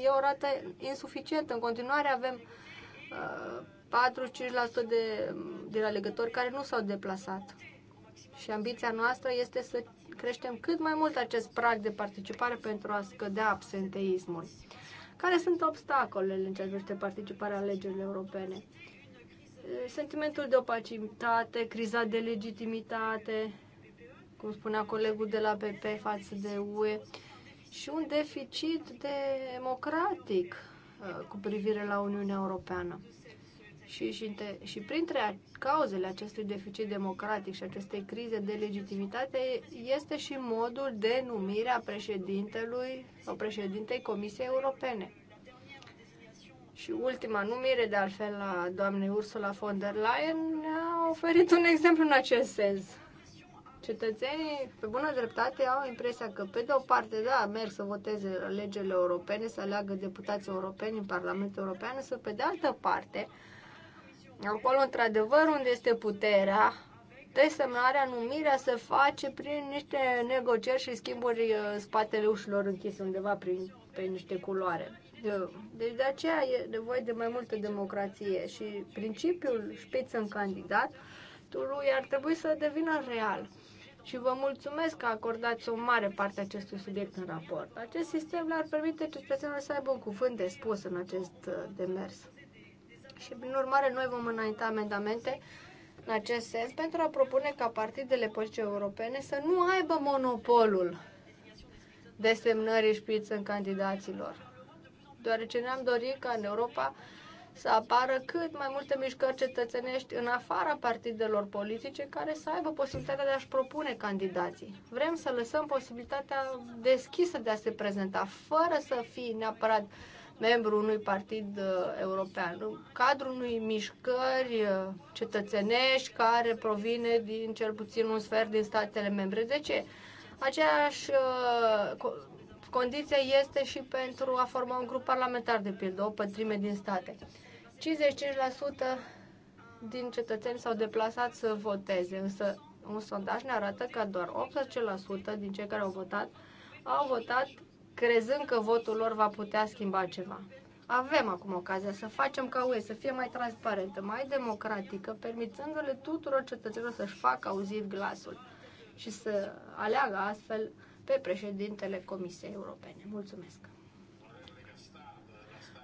e o rată insuficientă. În continuare avem 45% uh, de, de alegători care nu s-au deplasat. Și ambiția noastră este să creștem cât mai mult acest prag de participare pentru a scădea absenteismul. Care sunt obstacolele în ceea ce privește participarea alegerilor europene? Sentimentul de opacitate, criza de legitimitate, cum spunea colegul de la PP față de UE, și un deficit democratic uh, cu privire la Uniunea Europeană. Și, și, și printre cauzele acestui deficit democratic și acestei crize de legitimitate este și modul de numire a președintelui sau președintei Comisiei Europene. Și ultima numire, de altfel, la doamnei Ursula von der Leyen a oferit un exemplu în acest sens. Cetățenii, pe bună dreptate, au impresia că, pe de o parte, da, merg să voteze legile europene, să aleagă deputații europeni în Parlamentul European, însă, pe de altă parte, Acolo, într-adevăr, unde este puterea, desemnarea, numirea se face prin niște negocieri și schimburi uh, în spatele ușilor închise undeva prin, prin niște culoare. Uh, deci de aceea e nevoie de mai multă democrație și principiul șpiță în candidat lui ar trebui să devină real. Și vă mulțumesc că acordați o mare parte acestui subiect în raport. Acest sistem le-ar permite cetățenilor să aibă un cuvânt de spus în acest uh, demers și, prin urmare, noi vom înainta amendamente în acest sens pentru a propune ca partidele politice europene să nu aibă monopolul desemnării șpiță în candidaților. Deoarece ne-am dorit ca în Europa să apară cât mai multe mișcări cetățenești în afara partidelor politice care să aibă posibilitatea de a-și propune candidații. Vrem să lăsăm posibilitatea deschisă de a se prezenta, fără să fie neapărat uh, membru unui partid uh, european, în cadrul unui mișcări uh, cetățenești care provine din cel puțin un sfert din statele membre. De ce? Aceeași uh, condiție este și pentru a forma un grup parlamentar, de pildă, o pătrime din state. 55% din cetățeni s-au deplasat să voteze, însă un sondaj ne arată că doar 18% din cei care au votat au votat crezând că votul lor va putea schimba ceva. Avem acum ocazia să facem ca UE să fie mai transparentă, mai democratică, permițându-le tuturor cetățenilor să-și facă auzit glasul și să aleagă astfel pe președintele Comisiei Europene. Mulțumesc!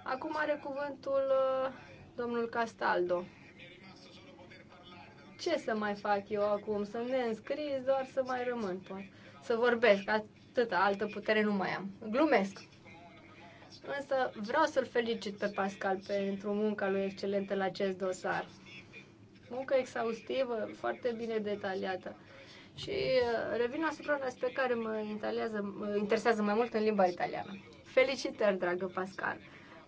Acum are cuvântul uh, domnul Castaldo. Ce să mai fac eu acum? Să ne înscrieți, doar să mai rămân, poate. Să vorbesc. Atâta altă putere nu mai am. Glumesc. Însă vreau să-l felicit pe Pascal pentru munca lui excelentă la acest dosar. Muncă exhaustivă, foarte bine detaliată. Și uh, revin asupra unui aspect care mă, mă interesează mai mult în limba italiană. Felicitări, dragă Pascal!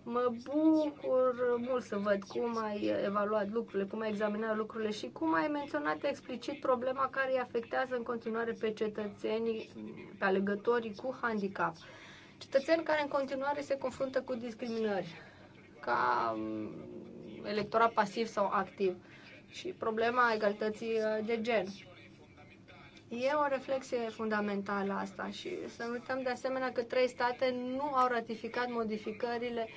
Mă bucur mult să văd cum ai evaluat lucrurile, cum ai examinat lucrurile și cum ai menționat explicit problema care îi afectează în continuare pe cetățenii, pe alegătorii cu handicap. Cetățeni care în continuare se confruntă cu discriminări, ca mm, electorat pasiv sau activ și problema egalității uh, de gen. E o reflexie fundamentală asta și să nu uităm de asemenea că trei state nu au ratificat modificările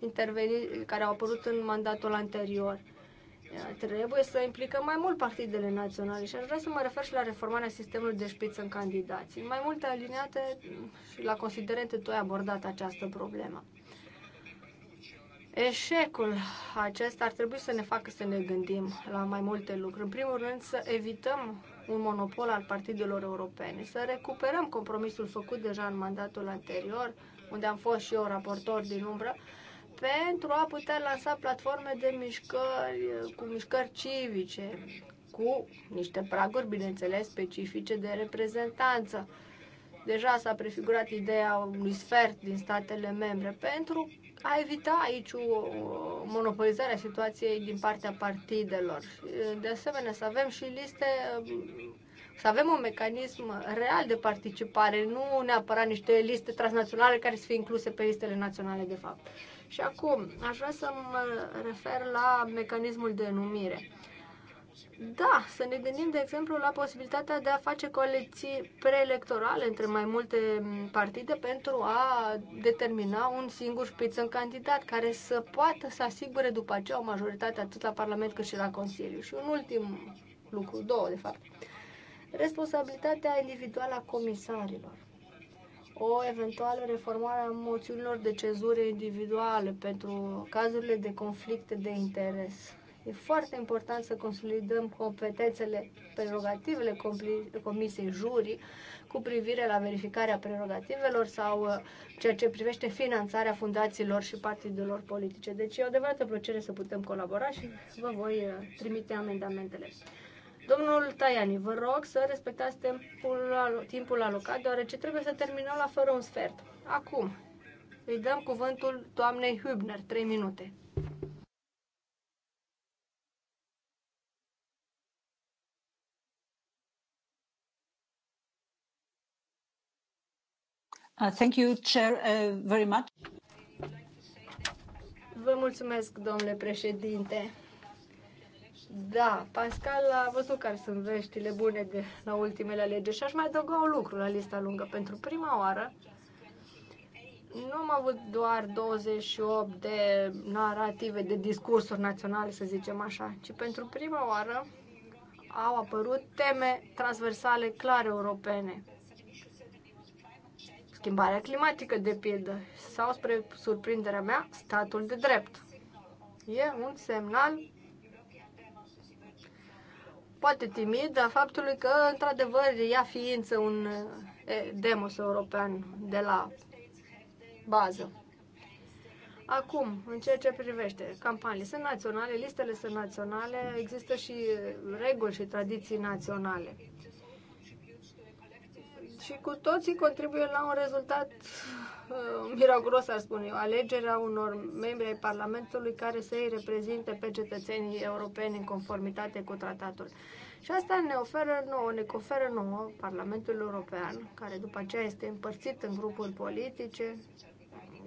interveni- care au apărut în mandatul anterior. Trebuie să implicăm mai mult partidele naționale și aș vrea să mă refer și la reformarea sistemului de șpiță în candidații. Mai multe aliniate și la considerente tu ai abordat această problemă. Eșecul acesta ar trebui să ne facă să ne gândim la mai multe lucruri. În primul rând, să evităm un monopol al partidelor europene, să recuperăm compromisul făcut deja în mandatul anterior, unde am fost și eu raportor din umbră, pentru a putea lansa platforme de mișcări, cu mișcări civice, cu niște praguri, bineînțeles, specifice de reprezentanță. Deja s-a prefigurat ideea unui sfert din statele membre pentru a evita aici o monopolizare a situației din partea partidelor. De asemenea, să avem și liste, să avem un mecanism real de participare, nu neapărat niște liste transnaționale care să fie incluse pe listele naționale, de fapt. Și acum, aș vrea să mă refer la mecanismul de numire. Da, să ne gândim, de exemplu, la posibilitatea de a face coaliții preelectorale între mai multe partide pentru a determina un singur șpiț în candidat care să poată să asigure după aceea o majoritate atât la Parlament cât și la Consiliu. Și un ultim lucru, două de fapt. Responsabilitatea individuală a comisarilor o eventuală reformare a moțiunilor de cezură individuale pentru cazurile de conflicte de interes E foarte important să consolidăm competențele, prerogativele Comisiei Jurii cu privire la verificarea prerogativelor sau uh, ceea ce privește finanțarea fundațiilor și partidelor politice. Deci e o adevărată plăcere să putem colabora și vă voi uh, trimite amendamentele. Domnul Taiani, vă rog să respectați timpul, timpul alocat, deoarece trebuie să terminăm la fără un sfert. Acum, îi dăm cuvântul doamnei Hübner, 3 minute. Uh, uh, Vă mulțumesc, domnule președinte. Da, Pascal a văzut care sunt veștile bune de la ultimele alegeri și aș mai adăuga un lucru la lista lungă. Pentru prima oară, nu am avut doar 28 de narrative, de discursuri naționale, să zicem așa, ci pentru prima oară au apărut teme transversale clare europene schimbarea climatică, de pildă, sau, spre surprinderea mea, statul de drept. E un semnal poate timid, a faptului că, într-adevăr, ia ființă un demos european de la bază. Acum, în ceea ce privește campaniile sunt naționale, listele sunt naționale, există și reguli și tradiții naționale și cu toții contribuie la un rezultat uh, miraculos, ar spune eu, alegerea unor membri ai Parlamentului care să îi reprezinte pe cetățenii europeni în conformitate cu tratatul. Și asta ne oferă nouă, ne oferă nouă Parlamentul European, care după aceea este împărțit în grupuri politice,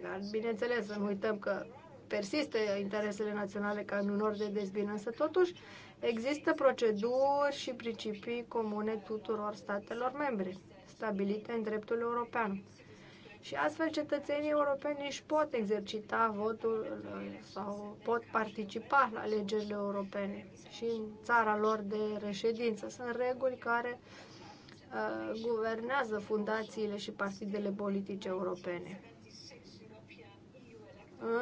dar bineînțeles să nu uităm că persistă interesele naționale ca în unor de dezbină, însă totuși există proceduri și principii comune tuturor statelor membre stabilite în dreptul european. Și astfel cetățenii europeni își pot exercita votul uh, sau pot participa la alegerile europene și în țara lor de reședință. Sunt reguli care uh, guvernează fundațiile și partidele politice europene.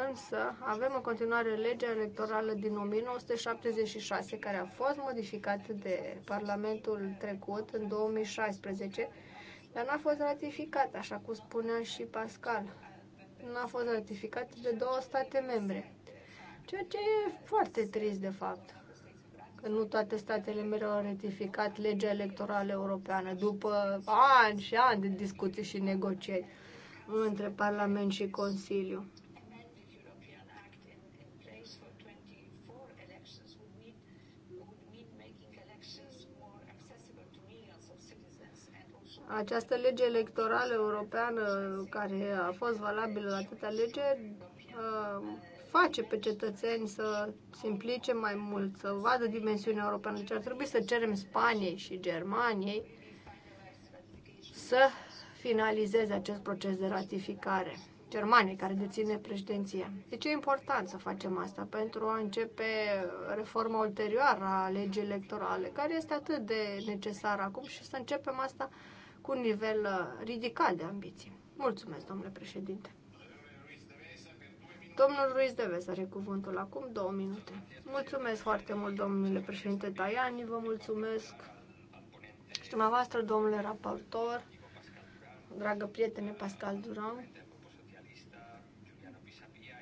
Însă avem în continuare legea electorală din 1976, care a fost modificată de Parlamentul trecut în 2016 dar n-a fost ratificat, așa cum spunea și Pascal. N-a fost ratificat de două state membre. Ceea ce e foarte trist, de fapt, că nu toate statele membre au ratificat legea electorală europeană după ani și ani de discuții și negocieri între Parlament și Consiliu. Această lege electorală europeană care a fost valabilă la atâtea lege uh, face pe cetățeni să se implice mai mult, să vadă dimensiunea europeană. Deci ar trebui să cerem Spaniei și Germaniei să finalizeze acest proces de ratificare. Germania, care deține președinția. Deci e important să facem asta pentru a începe reforma ulterioară a legii electorale, care este atât de necesară acum și să începem asta cu un nivel uh, ridicat de ambiții. Mulțumesc, domnule președinte. Domnul Ruiz de Ves are cuvântul acum două minute. Mulțumesc foarte mult, domnule președinte Tajani, vă mulțumesc și dumneavoastră, domnule raportor, dragă prietene Pascal Duran.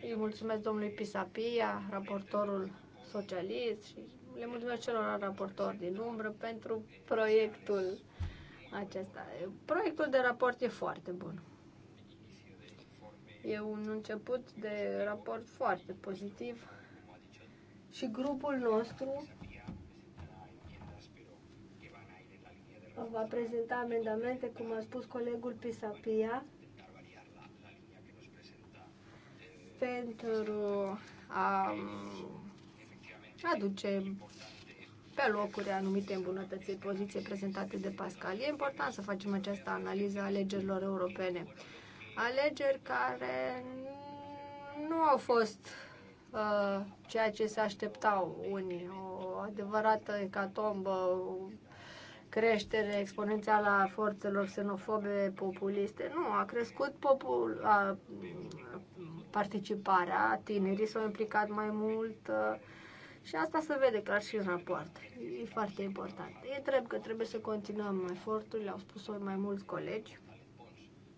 Îi mulțumesc domnului Pisapia, raportorul socialist și le mulțumesc celor raportori din umbră pentru proiectul acesta. Proiectul de raport e foarte bun. E un început de raport foarte pozitiv și grupul nostru va prezenta amendamente, cum a spus colegul Pisapia, pentru a aduce pe locuri anumite îmbunătățiri poziție prezentate de Pascal. E important să facem această analiză a alegerilor europene. Alegeri care nu au fost uh, ceea ce se așteptau unii. O adevărată hecatombă, creștere exponențială a forțelor xenofobe populiste. Nu, a crescut popul, a, participarea, tinerii s-au implicat mai mult, uh, și asta se vede clar și în rapoarte. E foarte important. E drept că trebuie să continuăm eforturile, au spus-o mai mulți colegi.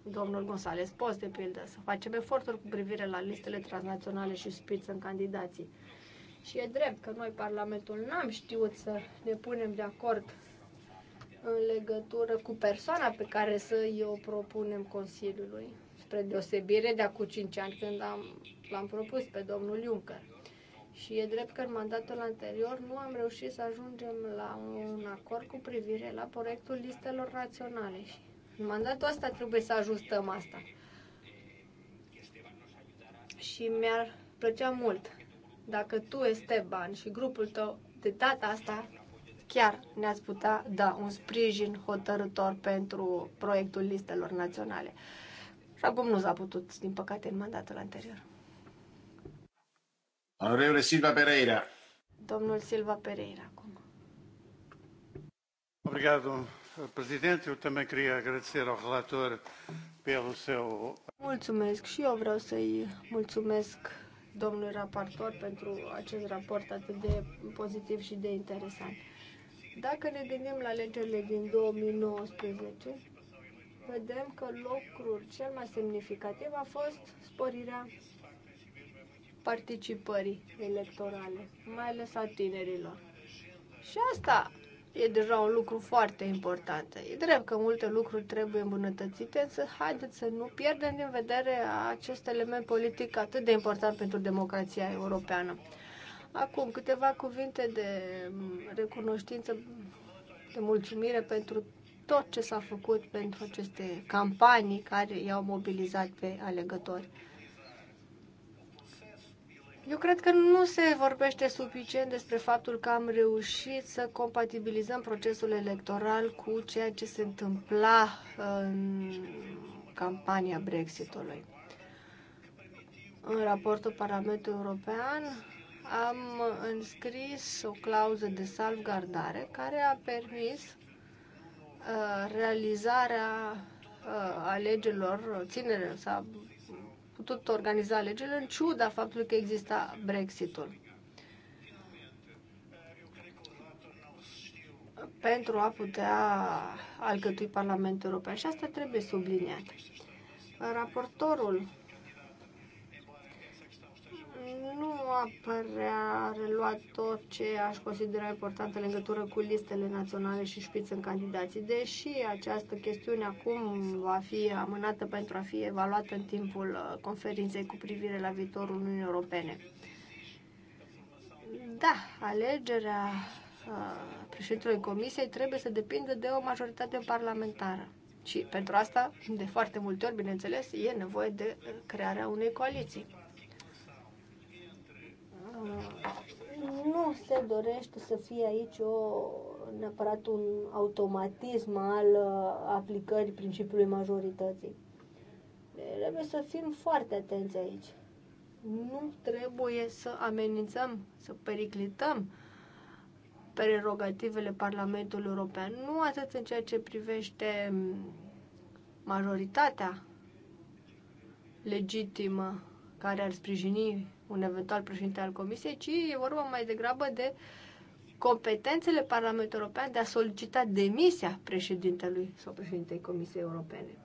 Domnul González poți de pildă, să facem eforturi cu privire la listele transnaționale și spiță în candidații. Și e drept că noi, Parlamentul, n-am știut să ne punem de acord în legătură cu persoana pe care să o propunem Consiliului, spre deosebire de acum 5 ani când am, l-am propus pe domnul Juncker. Și e drept că în mandatul anterior nu am reușit să ajungem la un acord cu privire la proiectul listelor naționale. Și în mandatul ăsta trebuie să ajustăm asta. Și mi-ar plăcea mult dacă tu, Esteban, și grupul tău, de data asta, chiar ne-ați putea da un sprijin hotărător pentru proiectul listelor naționale. Și acum nu s-a putut, din păcate, în mandatul anterior. Onorevole Silva Pereira. Domnul Silva Pereira, acum. Obrigado, Presidente. Eu também queria agradecer ao relator pelo seu... Mulțumesc și eu vreau să-i mulțumesc domnului raportor pentru acest raport atât de pozitiv și de interesant. Dacă ne gândim la legile din 2019, vedem că lucrul cel mai semnificativ a fost sporirea participării electorale, mai ales a tinerilor. Și asta e deja un lucru foarte important. E drept că multe lucruri trebuie îmbunătățite, însă haideți să nu pierdem din vedere acest element politic atât de important pentru democrația europeană. Acum, câteva cuvinte de recunoștință, de mulțumire pentru tot ce s-a făcut pentru aceste campanii care i-au mobilizat pe alegători. Eu cred că nu se vorbește suficient despre faptul că am reușit să compatibilizăm procesul electoral cu ceea ce se întâmpla uh, în campania Brexitului. În raportul Parlamentului European am înscris o clauză de salvgardare care a permis uh, realizarea uh, alegerilor, ținerea sau putut organiza alegerile în ciuda faptului că exista Brexitul. pentru a putea alcătui Parlamentul European. Și asta trebuie subliniat. Raportorul apărea reluat tot ce aș considera important în legătură cu listele naționale și șpiță în candidații, deși această chestiune acum va fi amânată pentru a fi evaluată în timpul uh, conferinței cu privire la viitorul Uniunii Europene. Da, alegerea uh, președintelui Comisiei trebuie să depindă de o majoritate parlamentară. Și pentru asta, de foarte multe ori, bineînțeles, e nevoie de crearea unei coaliții nu se dorește să fie aici o, neapărat un automatism al uh, aplicării principiului majorității. Trebuie să fim foarte atenți aici. Nu trebuie să amenințăm, să periclităm prerogativele Parlamentului European, nu atât în ceea ce privește mm, majoritatea legitimă care ar sprijini un eventual președinte al Comisiei, ci e vorba mai degrabă de competențele Parlamentului European de a solicita demisia președintelui sau președintei Comisiei Europene.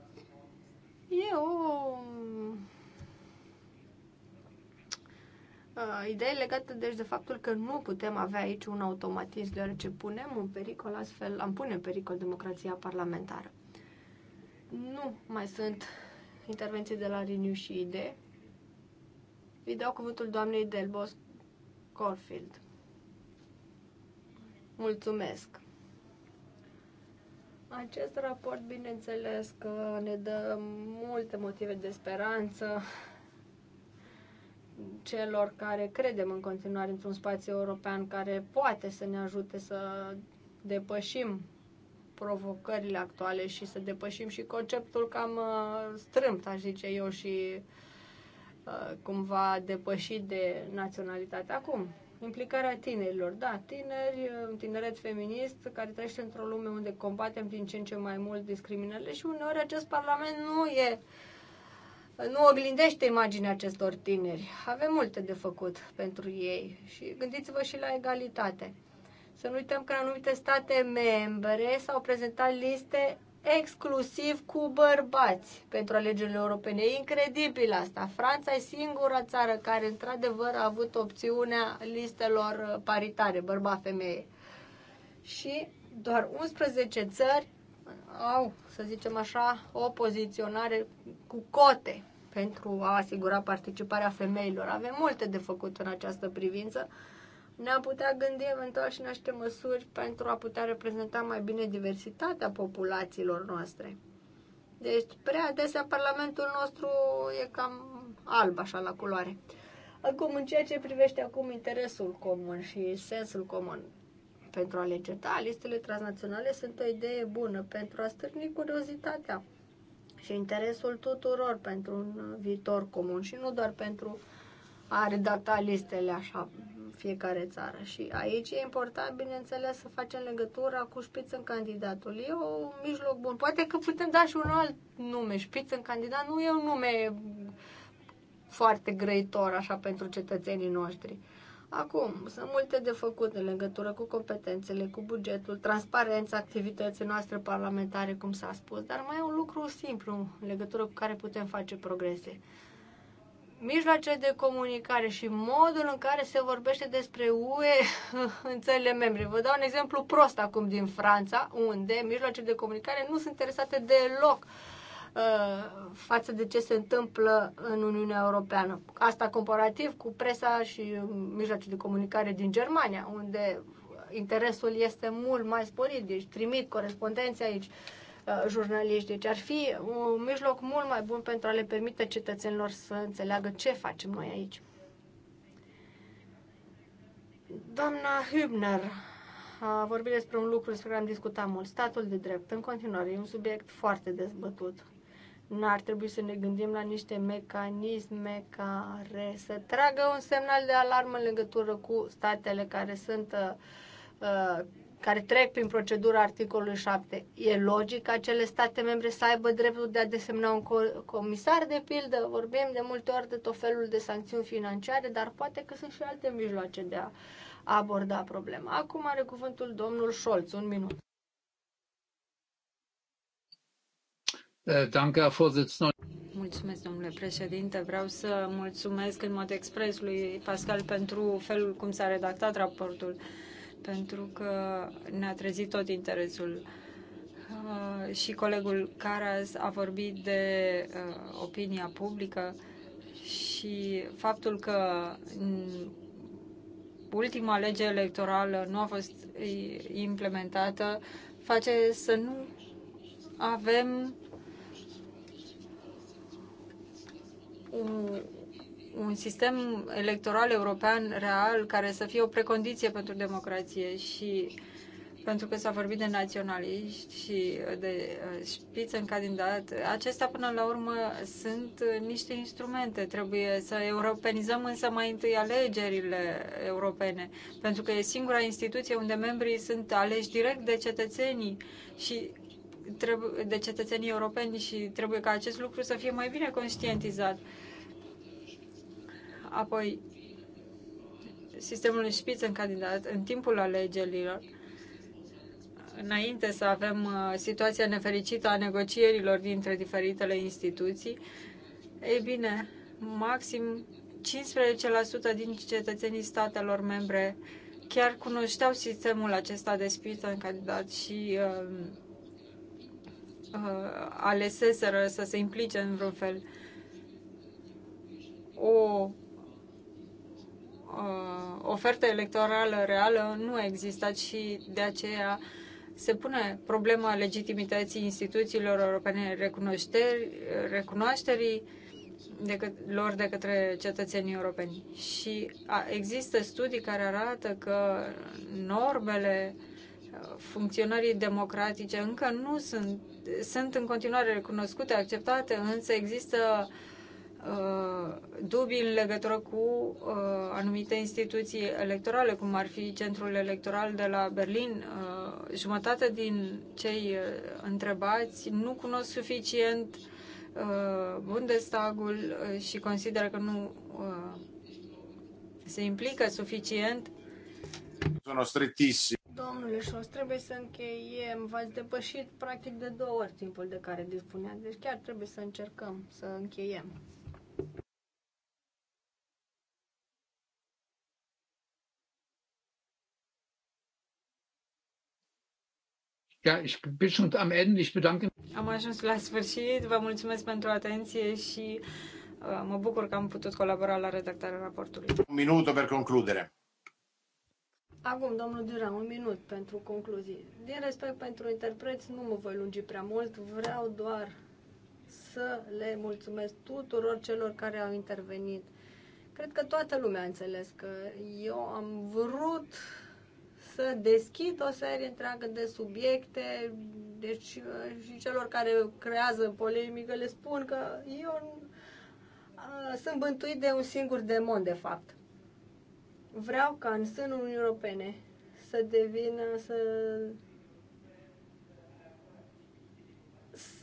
E o idee legată deci de faptul că nu putem avea aici un automatism, deoarece punem în pericol astfel, am pune în pericol democrația parlamentară. Nu mai sunt intervenții de la Renew și idee. Îi dau cuvântul doamnei Delbos Corfield. Mulțumesc! Acest raport, bineînțeles, că ne dă multe motive de speranță celor care credem în continuare într-un spațiu european care poate să ne ajute să depășim provocările actuale și să depășim și conceptul cam uh, strâmt, aș zice eu, și uh, Uh, cumva depășit de naționalitate. Acum, implicarea tinerilor. Da, tineri, un tineret feminist care trăiește într-o lume unde combatem din ce în ce mai mult discriminările și uneori acest parlament nu e nu oglindește imaginea acestor tineri. Avem multe de făcut pentru ei și gândiți-vă și la egalitate. Să nu uităm că în anumite state membre s-au prezentat liste exclusiv cu bărbați pentru alegerile europene. E incredibil asta. Franța e singura țară care, într-adevăr, a avut opțiunea listelor uh, paritare, bărba-femeie. Și doar 11 țări uh, au, să zicem așa, o poziționare cu cote pentru a asigura participarea femeilor. Avem multe de făcut în această privință ne-am putea gândi eventual și niște măsuri pentru a putea reprezenta mai bine diversitatea populațiilor noastre. Deci, prea adesea Parlamentul nostru e cam alb, așa, la culoare. Acum, în ceea ce privește acum interesul comun și sensul comun pentru lege, da, listele transnaționale sunt o idee bună pentru a stârni curiozitatea și interesul tuturor pentru un viitor comun și nu doar pentru uh, a redacta listele așa fiecare țară. Și aici e important, bineînțeles, să facem legătura cu șpiță în candidatul. E un mijloc bun. Poate că putem da și un alt nume. Șpiță în candidat nu e un nume foarte grăitor așa pentru cetățenii noștri. Acum, sunt multe de făcut în legătură cu competențele, cu bugetul, transparența activității noastre parlamentare, cum s-a spus, dar mai e un lucru simplu în legătură cu care putem face progrese mijloacele de comunicare și modul în care se vorbește despre UE în țările membre. Vă dau un exemplu prost acum din Franța, unde mijloacele de comunicare nu sunt interesate deloc uh, față de ce se întâmplă în Uniunea Europeană. Asta comparativ cu presa și mijloacele de comunicare din Germania, unde interesul este mult mai sporit, deci trimit corespondențe aici. Uh, Uh, jurnaliști. Deci ar fi un mijloc mult mai bun pentru a le permite cetățenilor să înțeleagă ce facem noi aici. Doamna Hübner a vorbit despre un lucru despre care am discutat mult, statul de drept. În continuare, e un subiect foarte dezbătut. N-ar trebui să ne gândim la niște mecanisme care să tragă un semnal de alarmă în legătură cu statele care sunt uh, uh care trec prin procedura articolului 7. E logic ca acele state membre să aibă dreptul de a desemna un comisar, de pildă. Vorbim de multe ori de tot felul de sancțiuni financiare, dar poate că sunt și alte mijloace de a aborda problema. Acum are cuvântul domnul Scholz. Un minut. Eh, mulțumesc, domnule președinte. Vreau să mulțumesc în mod expres lui Pascal pentru felul cum s-a redactat raportul pentru că ne-a trezit tot interesul. Uh, și colegul Caras a vorbit de uh, opinia publică și faptul că mm, ultima lege electorală nu a fost implementată face să nu avem un, un sistem electoral european real care să fie o precondiție pentru democrație și pentru că s-a vorbit de naționaliști și de uh, șpiță în candidat, acestea până la urmă sunt uh, niște instrumente. Trebuie să europenizăm însă mai întâi alegerile europene, pentru că e singura instituție unde membrii sunt aleși direct de cetățenii și de cetățenii europeni și trebuie ca acest lucru să fie mai bine conștientizat apoi sistemul Spitzenkandidat în în timpul alegerilor, înainte să avem uh, situația nefericită a negocierilor dintre diferitele instituții, ei bine, maxim 15% din cetățenii statelor membre chiar cunoșteau sistemul acesta de candidat și uh, uh, aleseseră să se implice în vreun fel. O Uh, ofertă electorală reală nu a existat și de aceea se pune problema legitimității instituțiilor europene recunoașterii de că, lor de către cetățenii europeni. Și a, există studii care arată că normele uh, funcționării democratice încă nu sunt, sunt în continuare recunoscute, acceptate, însă există uh, Uh, dubii în legătură cu uh, anumite instituții electorale, cum ar fi Centrul Electoral de la Berlin. Uh, jumătate din cei uh, întrebați nu cunosc suficient uh, Bundestagul uh, și consideră că nu uh, se implică suficient. Domnule Șos, trebuie să încheiem. V-ați depășit practic de două ori timpul de care dispuneați, deci chiar trebuie să încercăm să încheiem. Ja, ich bin schon am Ende. Ich bedanke Am ajuns la sfârșit. Vă mulțumesc pentru atenție și uh, mă bucur că am putut colabora la redactarea raportului. Un minut per concludere. Acum, domnul Dura, un minut pentru concluzii. Din respect pentru interpreți, nu mă voi lungi prea mult. Vreau doar să le mulțumesc tuturor celor care au intervenit. Cred că toată lumea a înțeles că eu am vrut să deschid o serie întreagă de subiecte, deci uh, și celor care creează polemică le spun că eu uh, sunt bântuit de un singur demon, de fapt. Vreau ca în sânul Uniunii Europene să devină, să...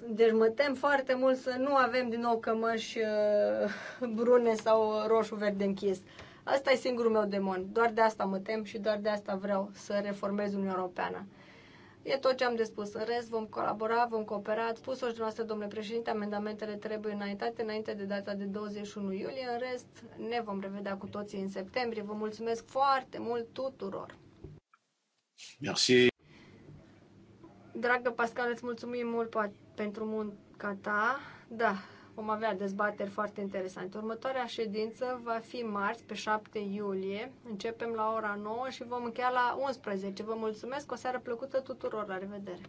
Deci mă tem foarte mult să nu avem din nou cămăși uh, brune sau roșu-verde închis. Uh, Asta e singurul meu demon. Doar de asta mă tem și doar de asta vreau să reformez Uniunea Europeană. E tot ce am de spus. În rest, vom colabora, vom coopera. Ați spus-o și dumneavoastră, domnule președinte, amendamentele trebuie înaintate înainte de data de 21 iulie. În rest, ne vom revedea cu toții în septembrie. Vă mulțumesc foarte mult tuturor! Merci! Dragă Pascal, îți mulțumim mult pentru munca ta. Da, Vom avea dezbateri foarte interesante. Următoarea ședință va fi marți, pe 7 iulie. Începem la ora 9 și vom încheia la 11. Vă mulțumesc, o seară plăcută tuturor. La revedere!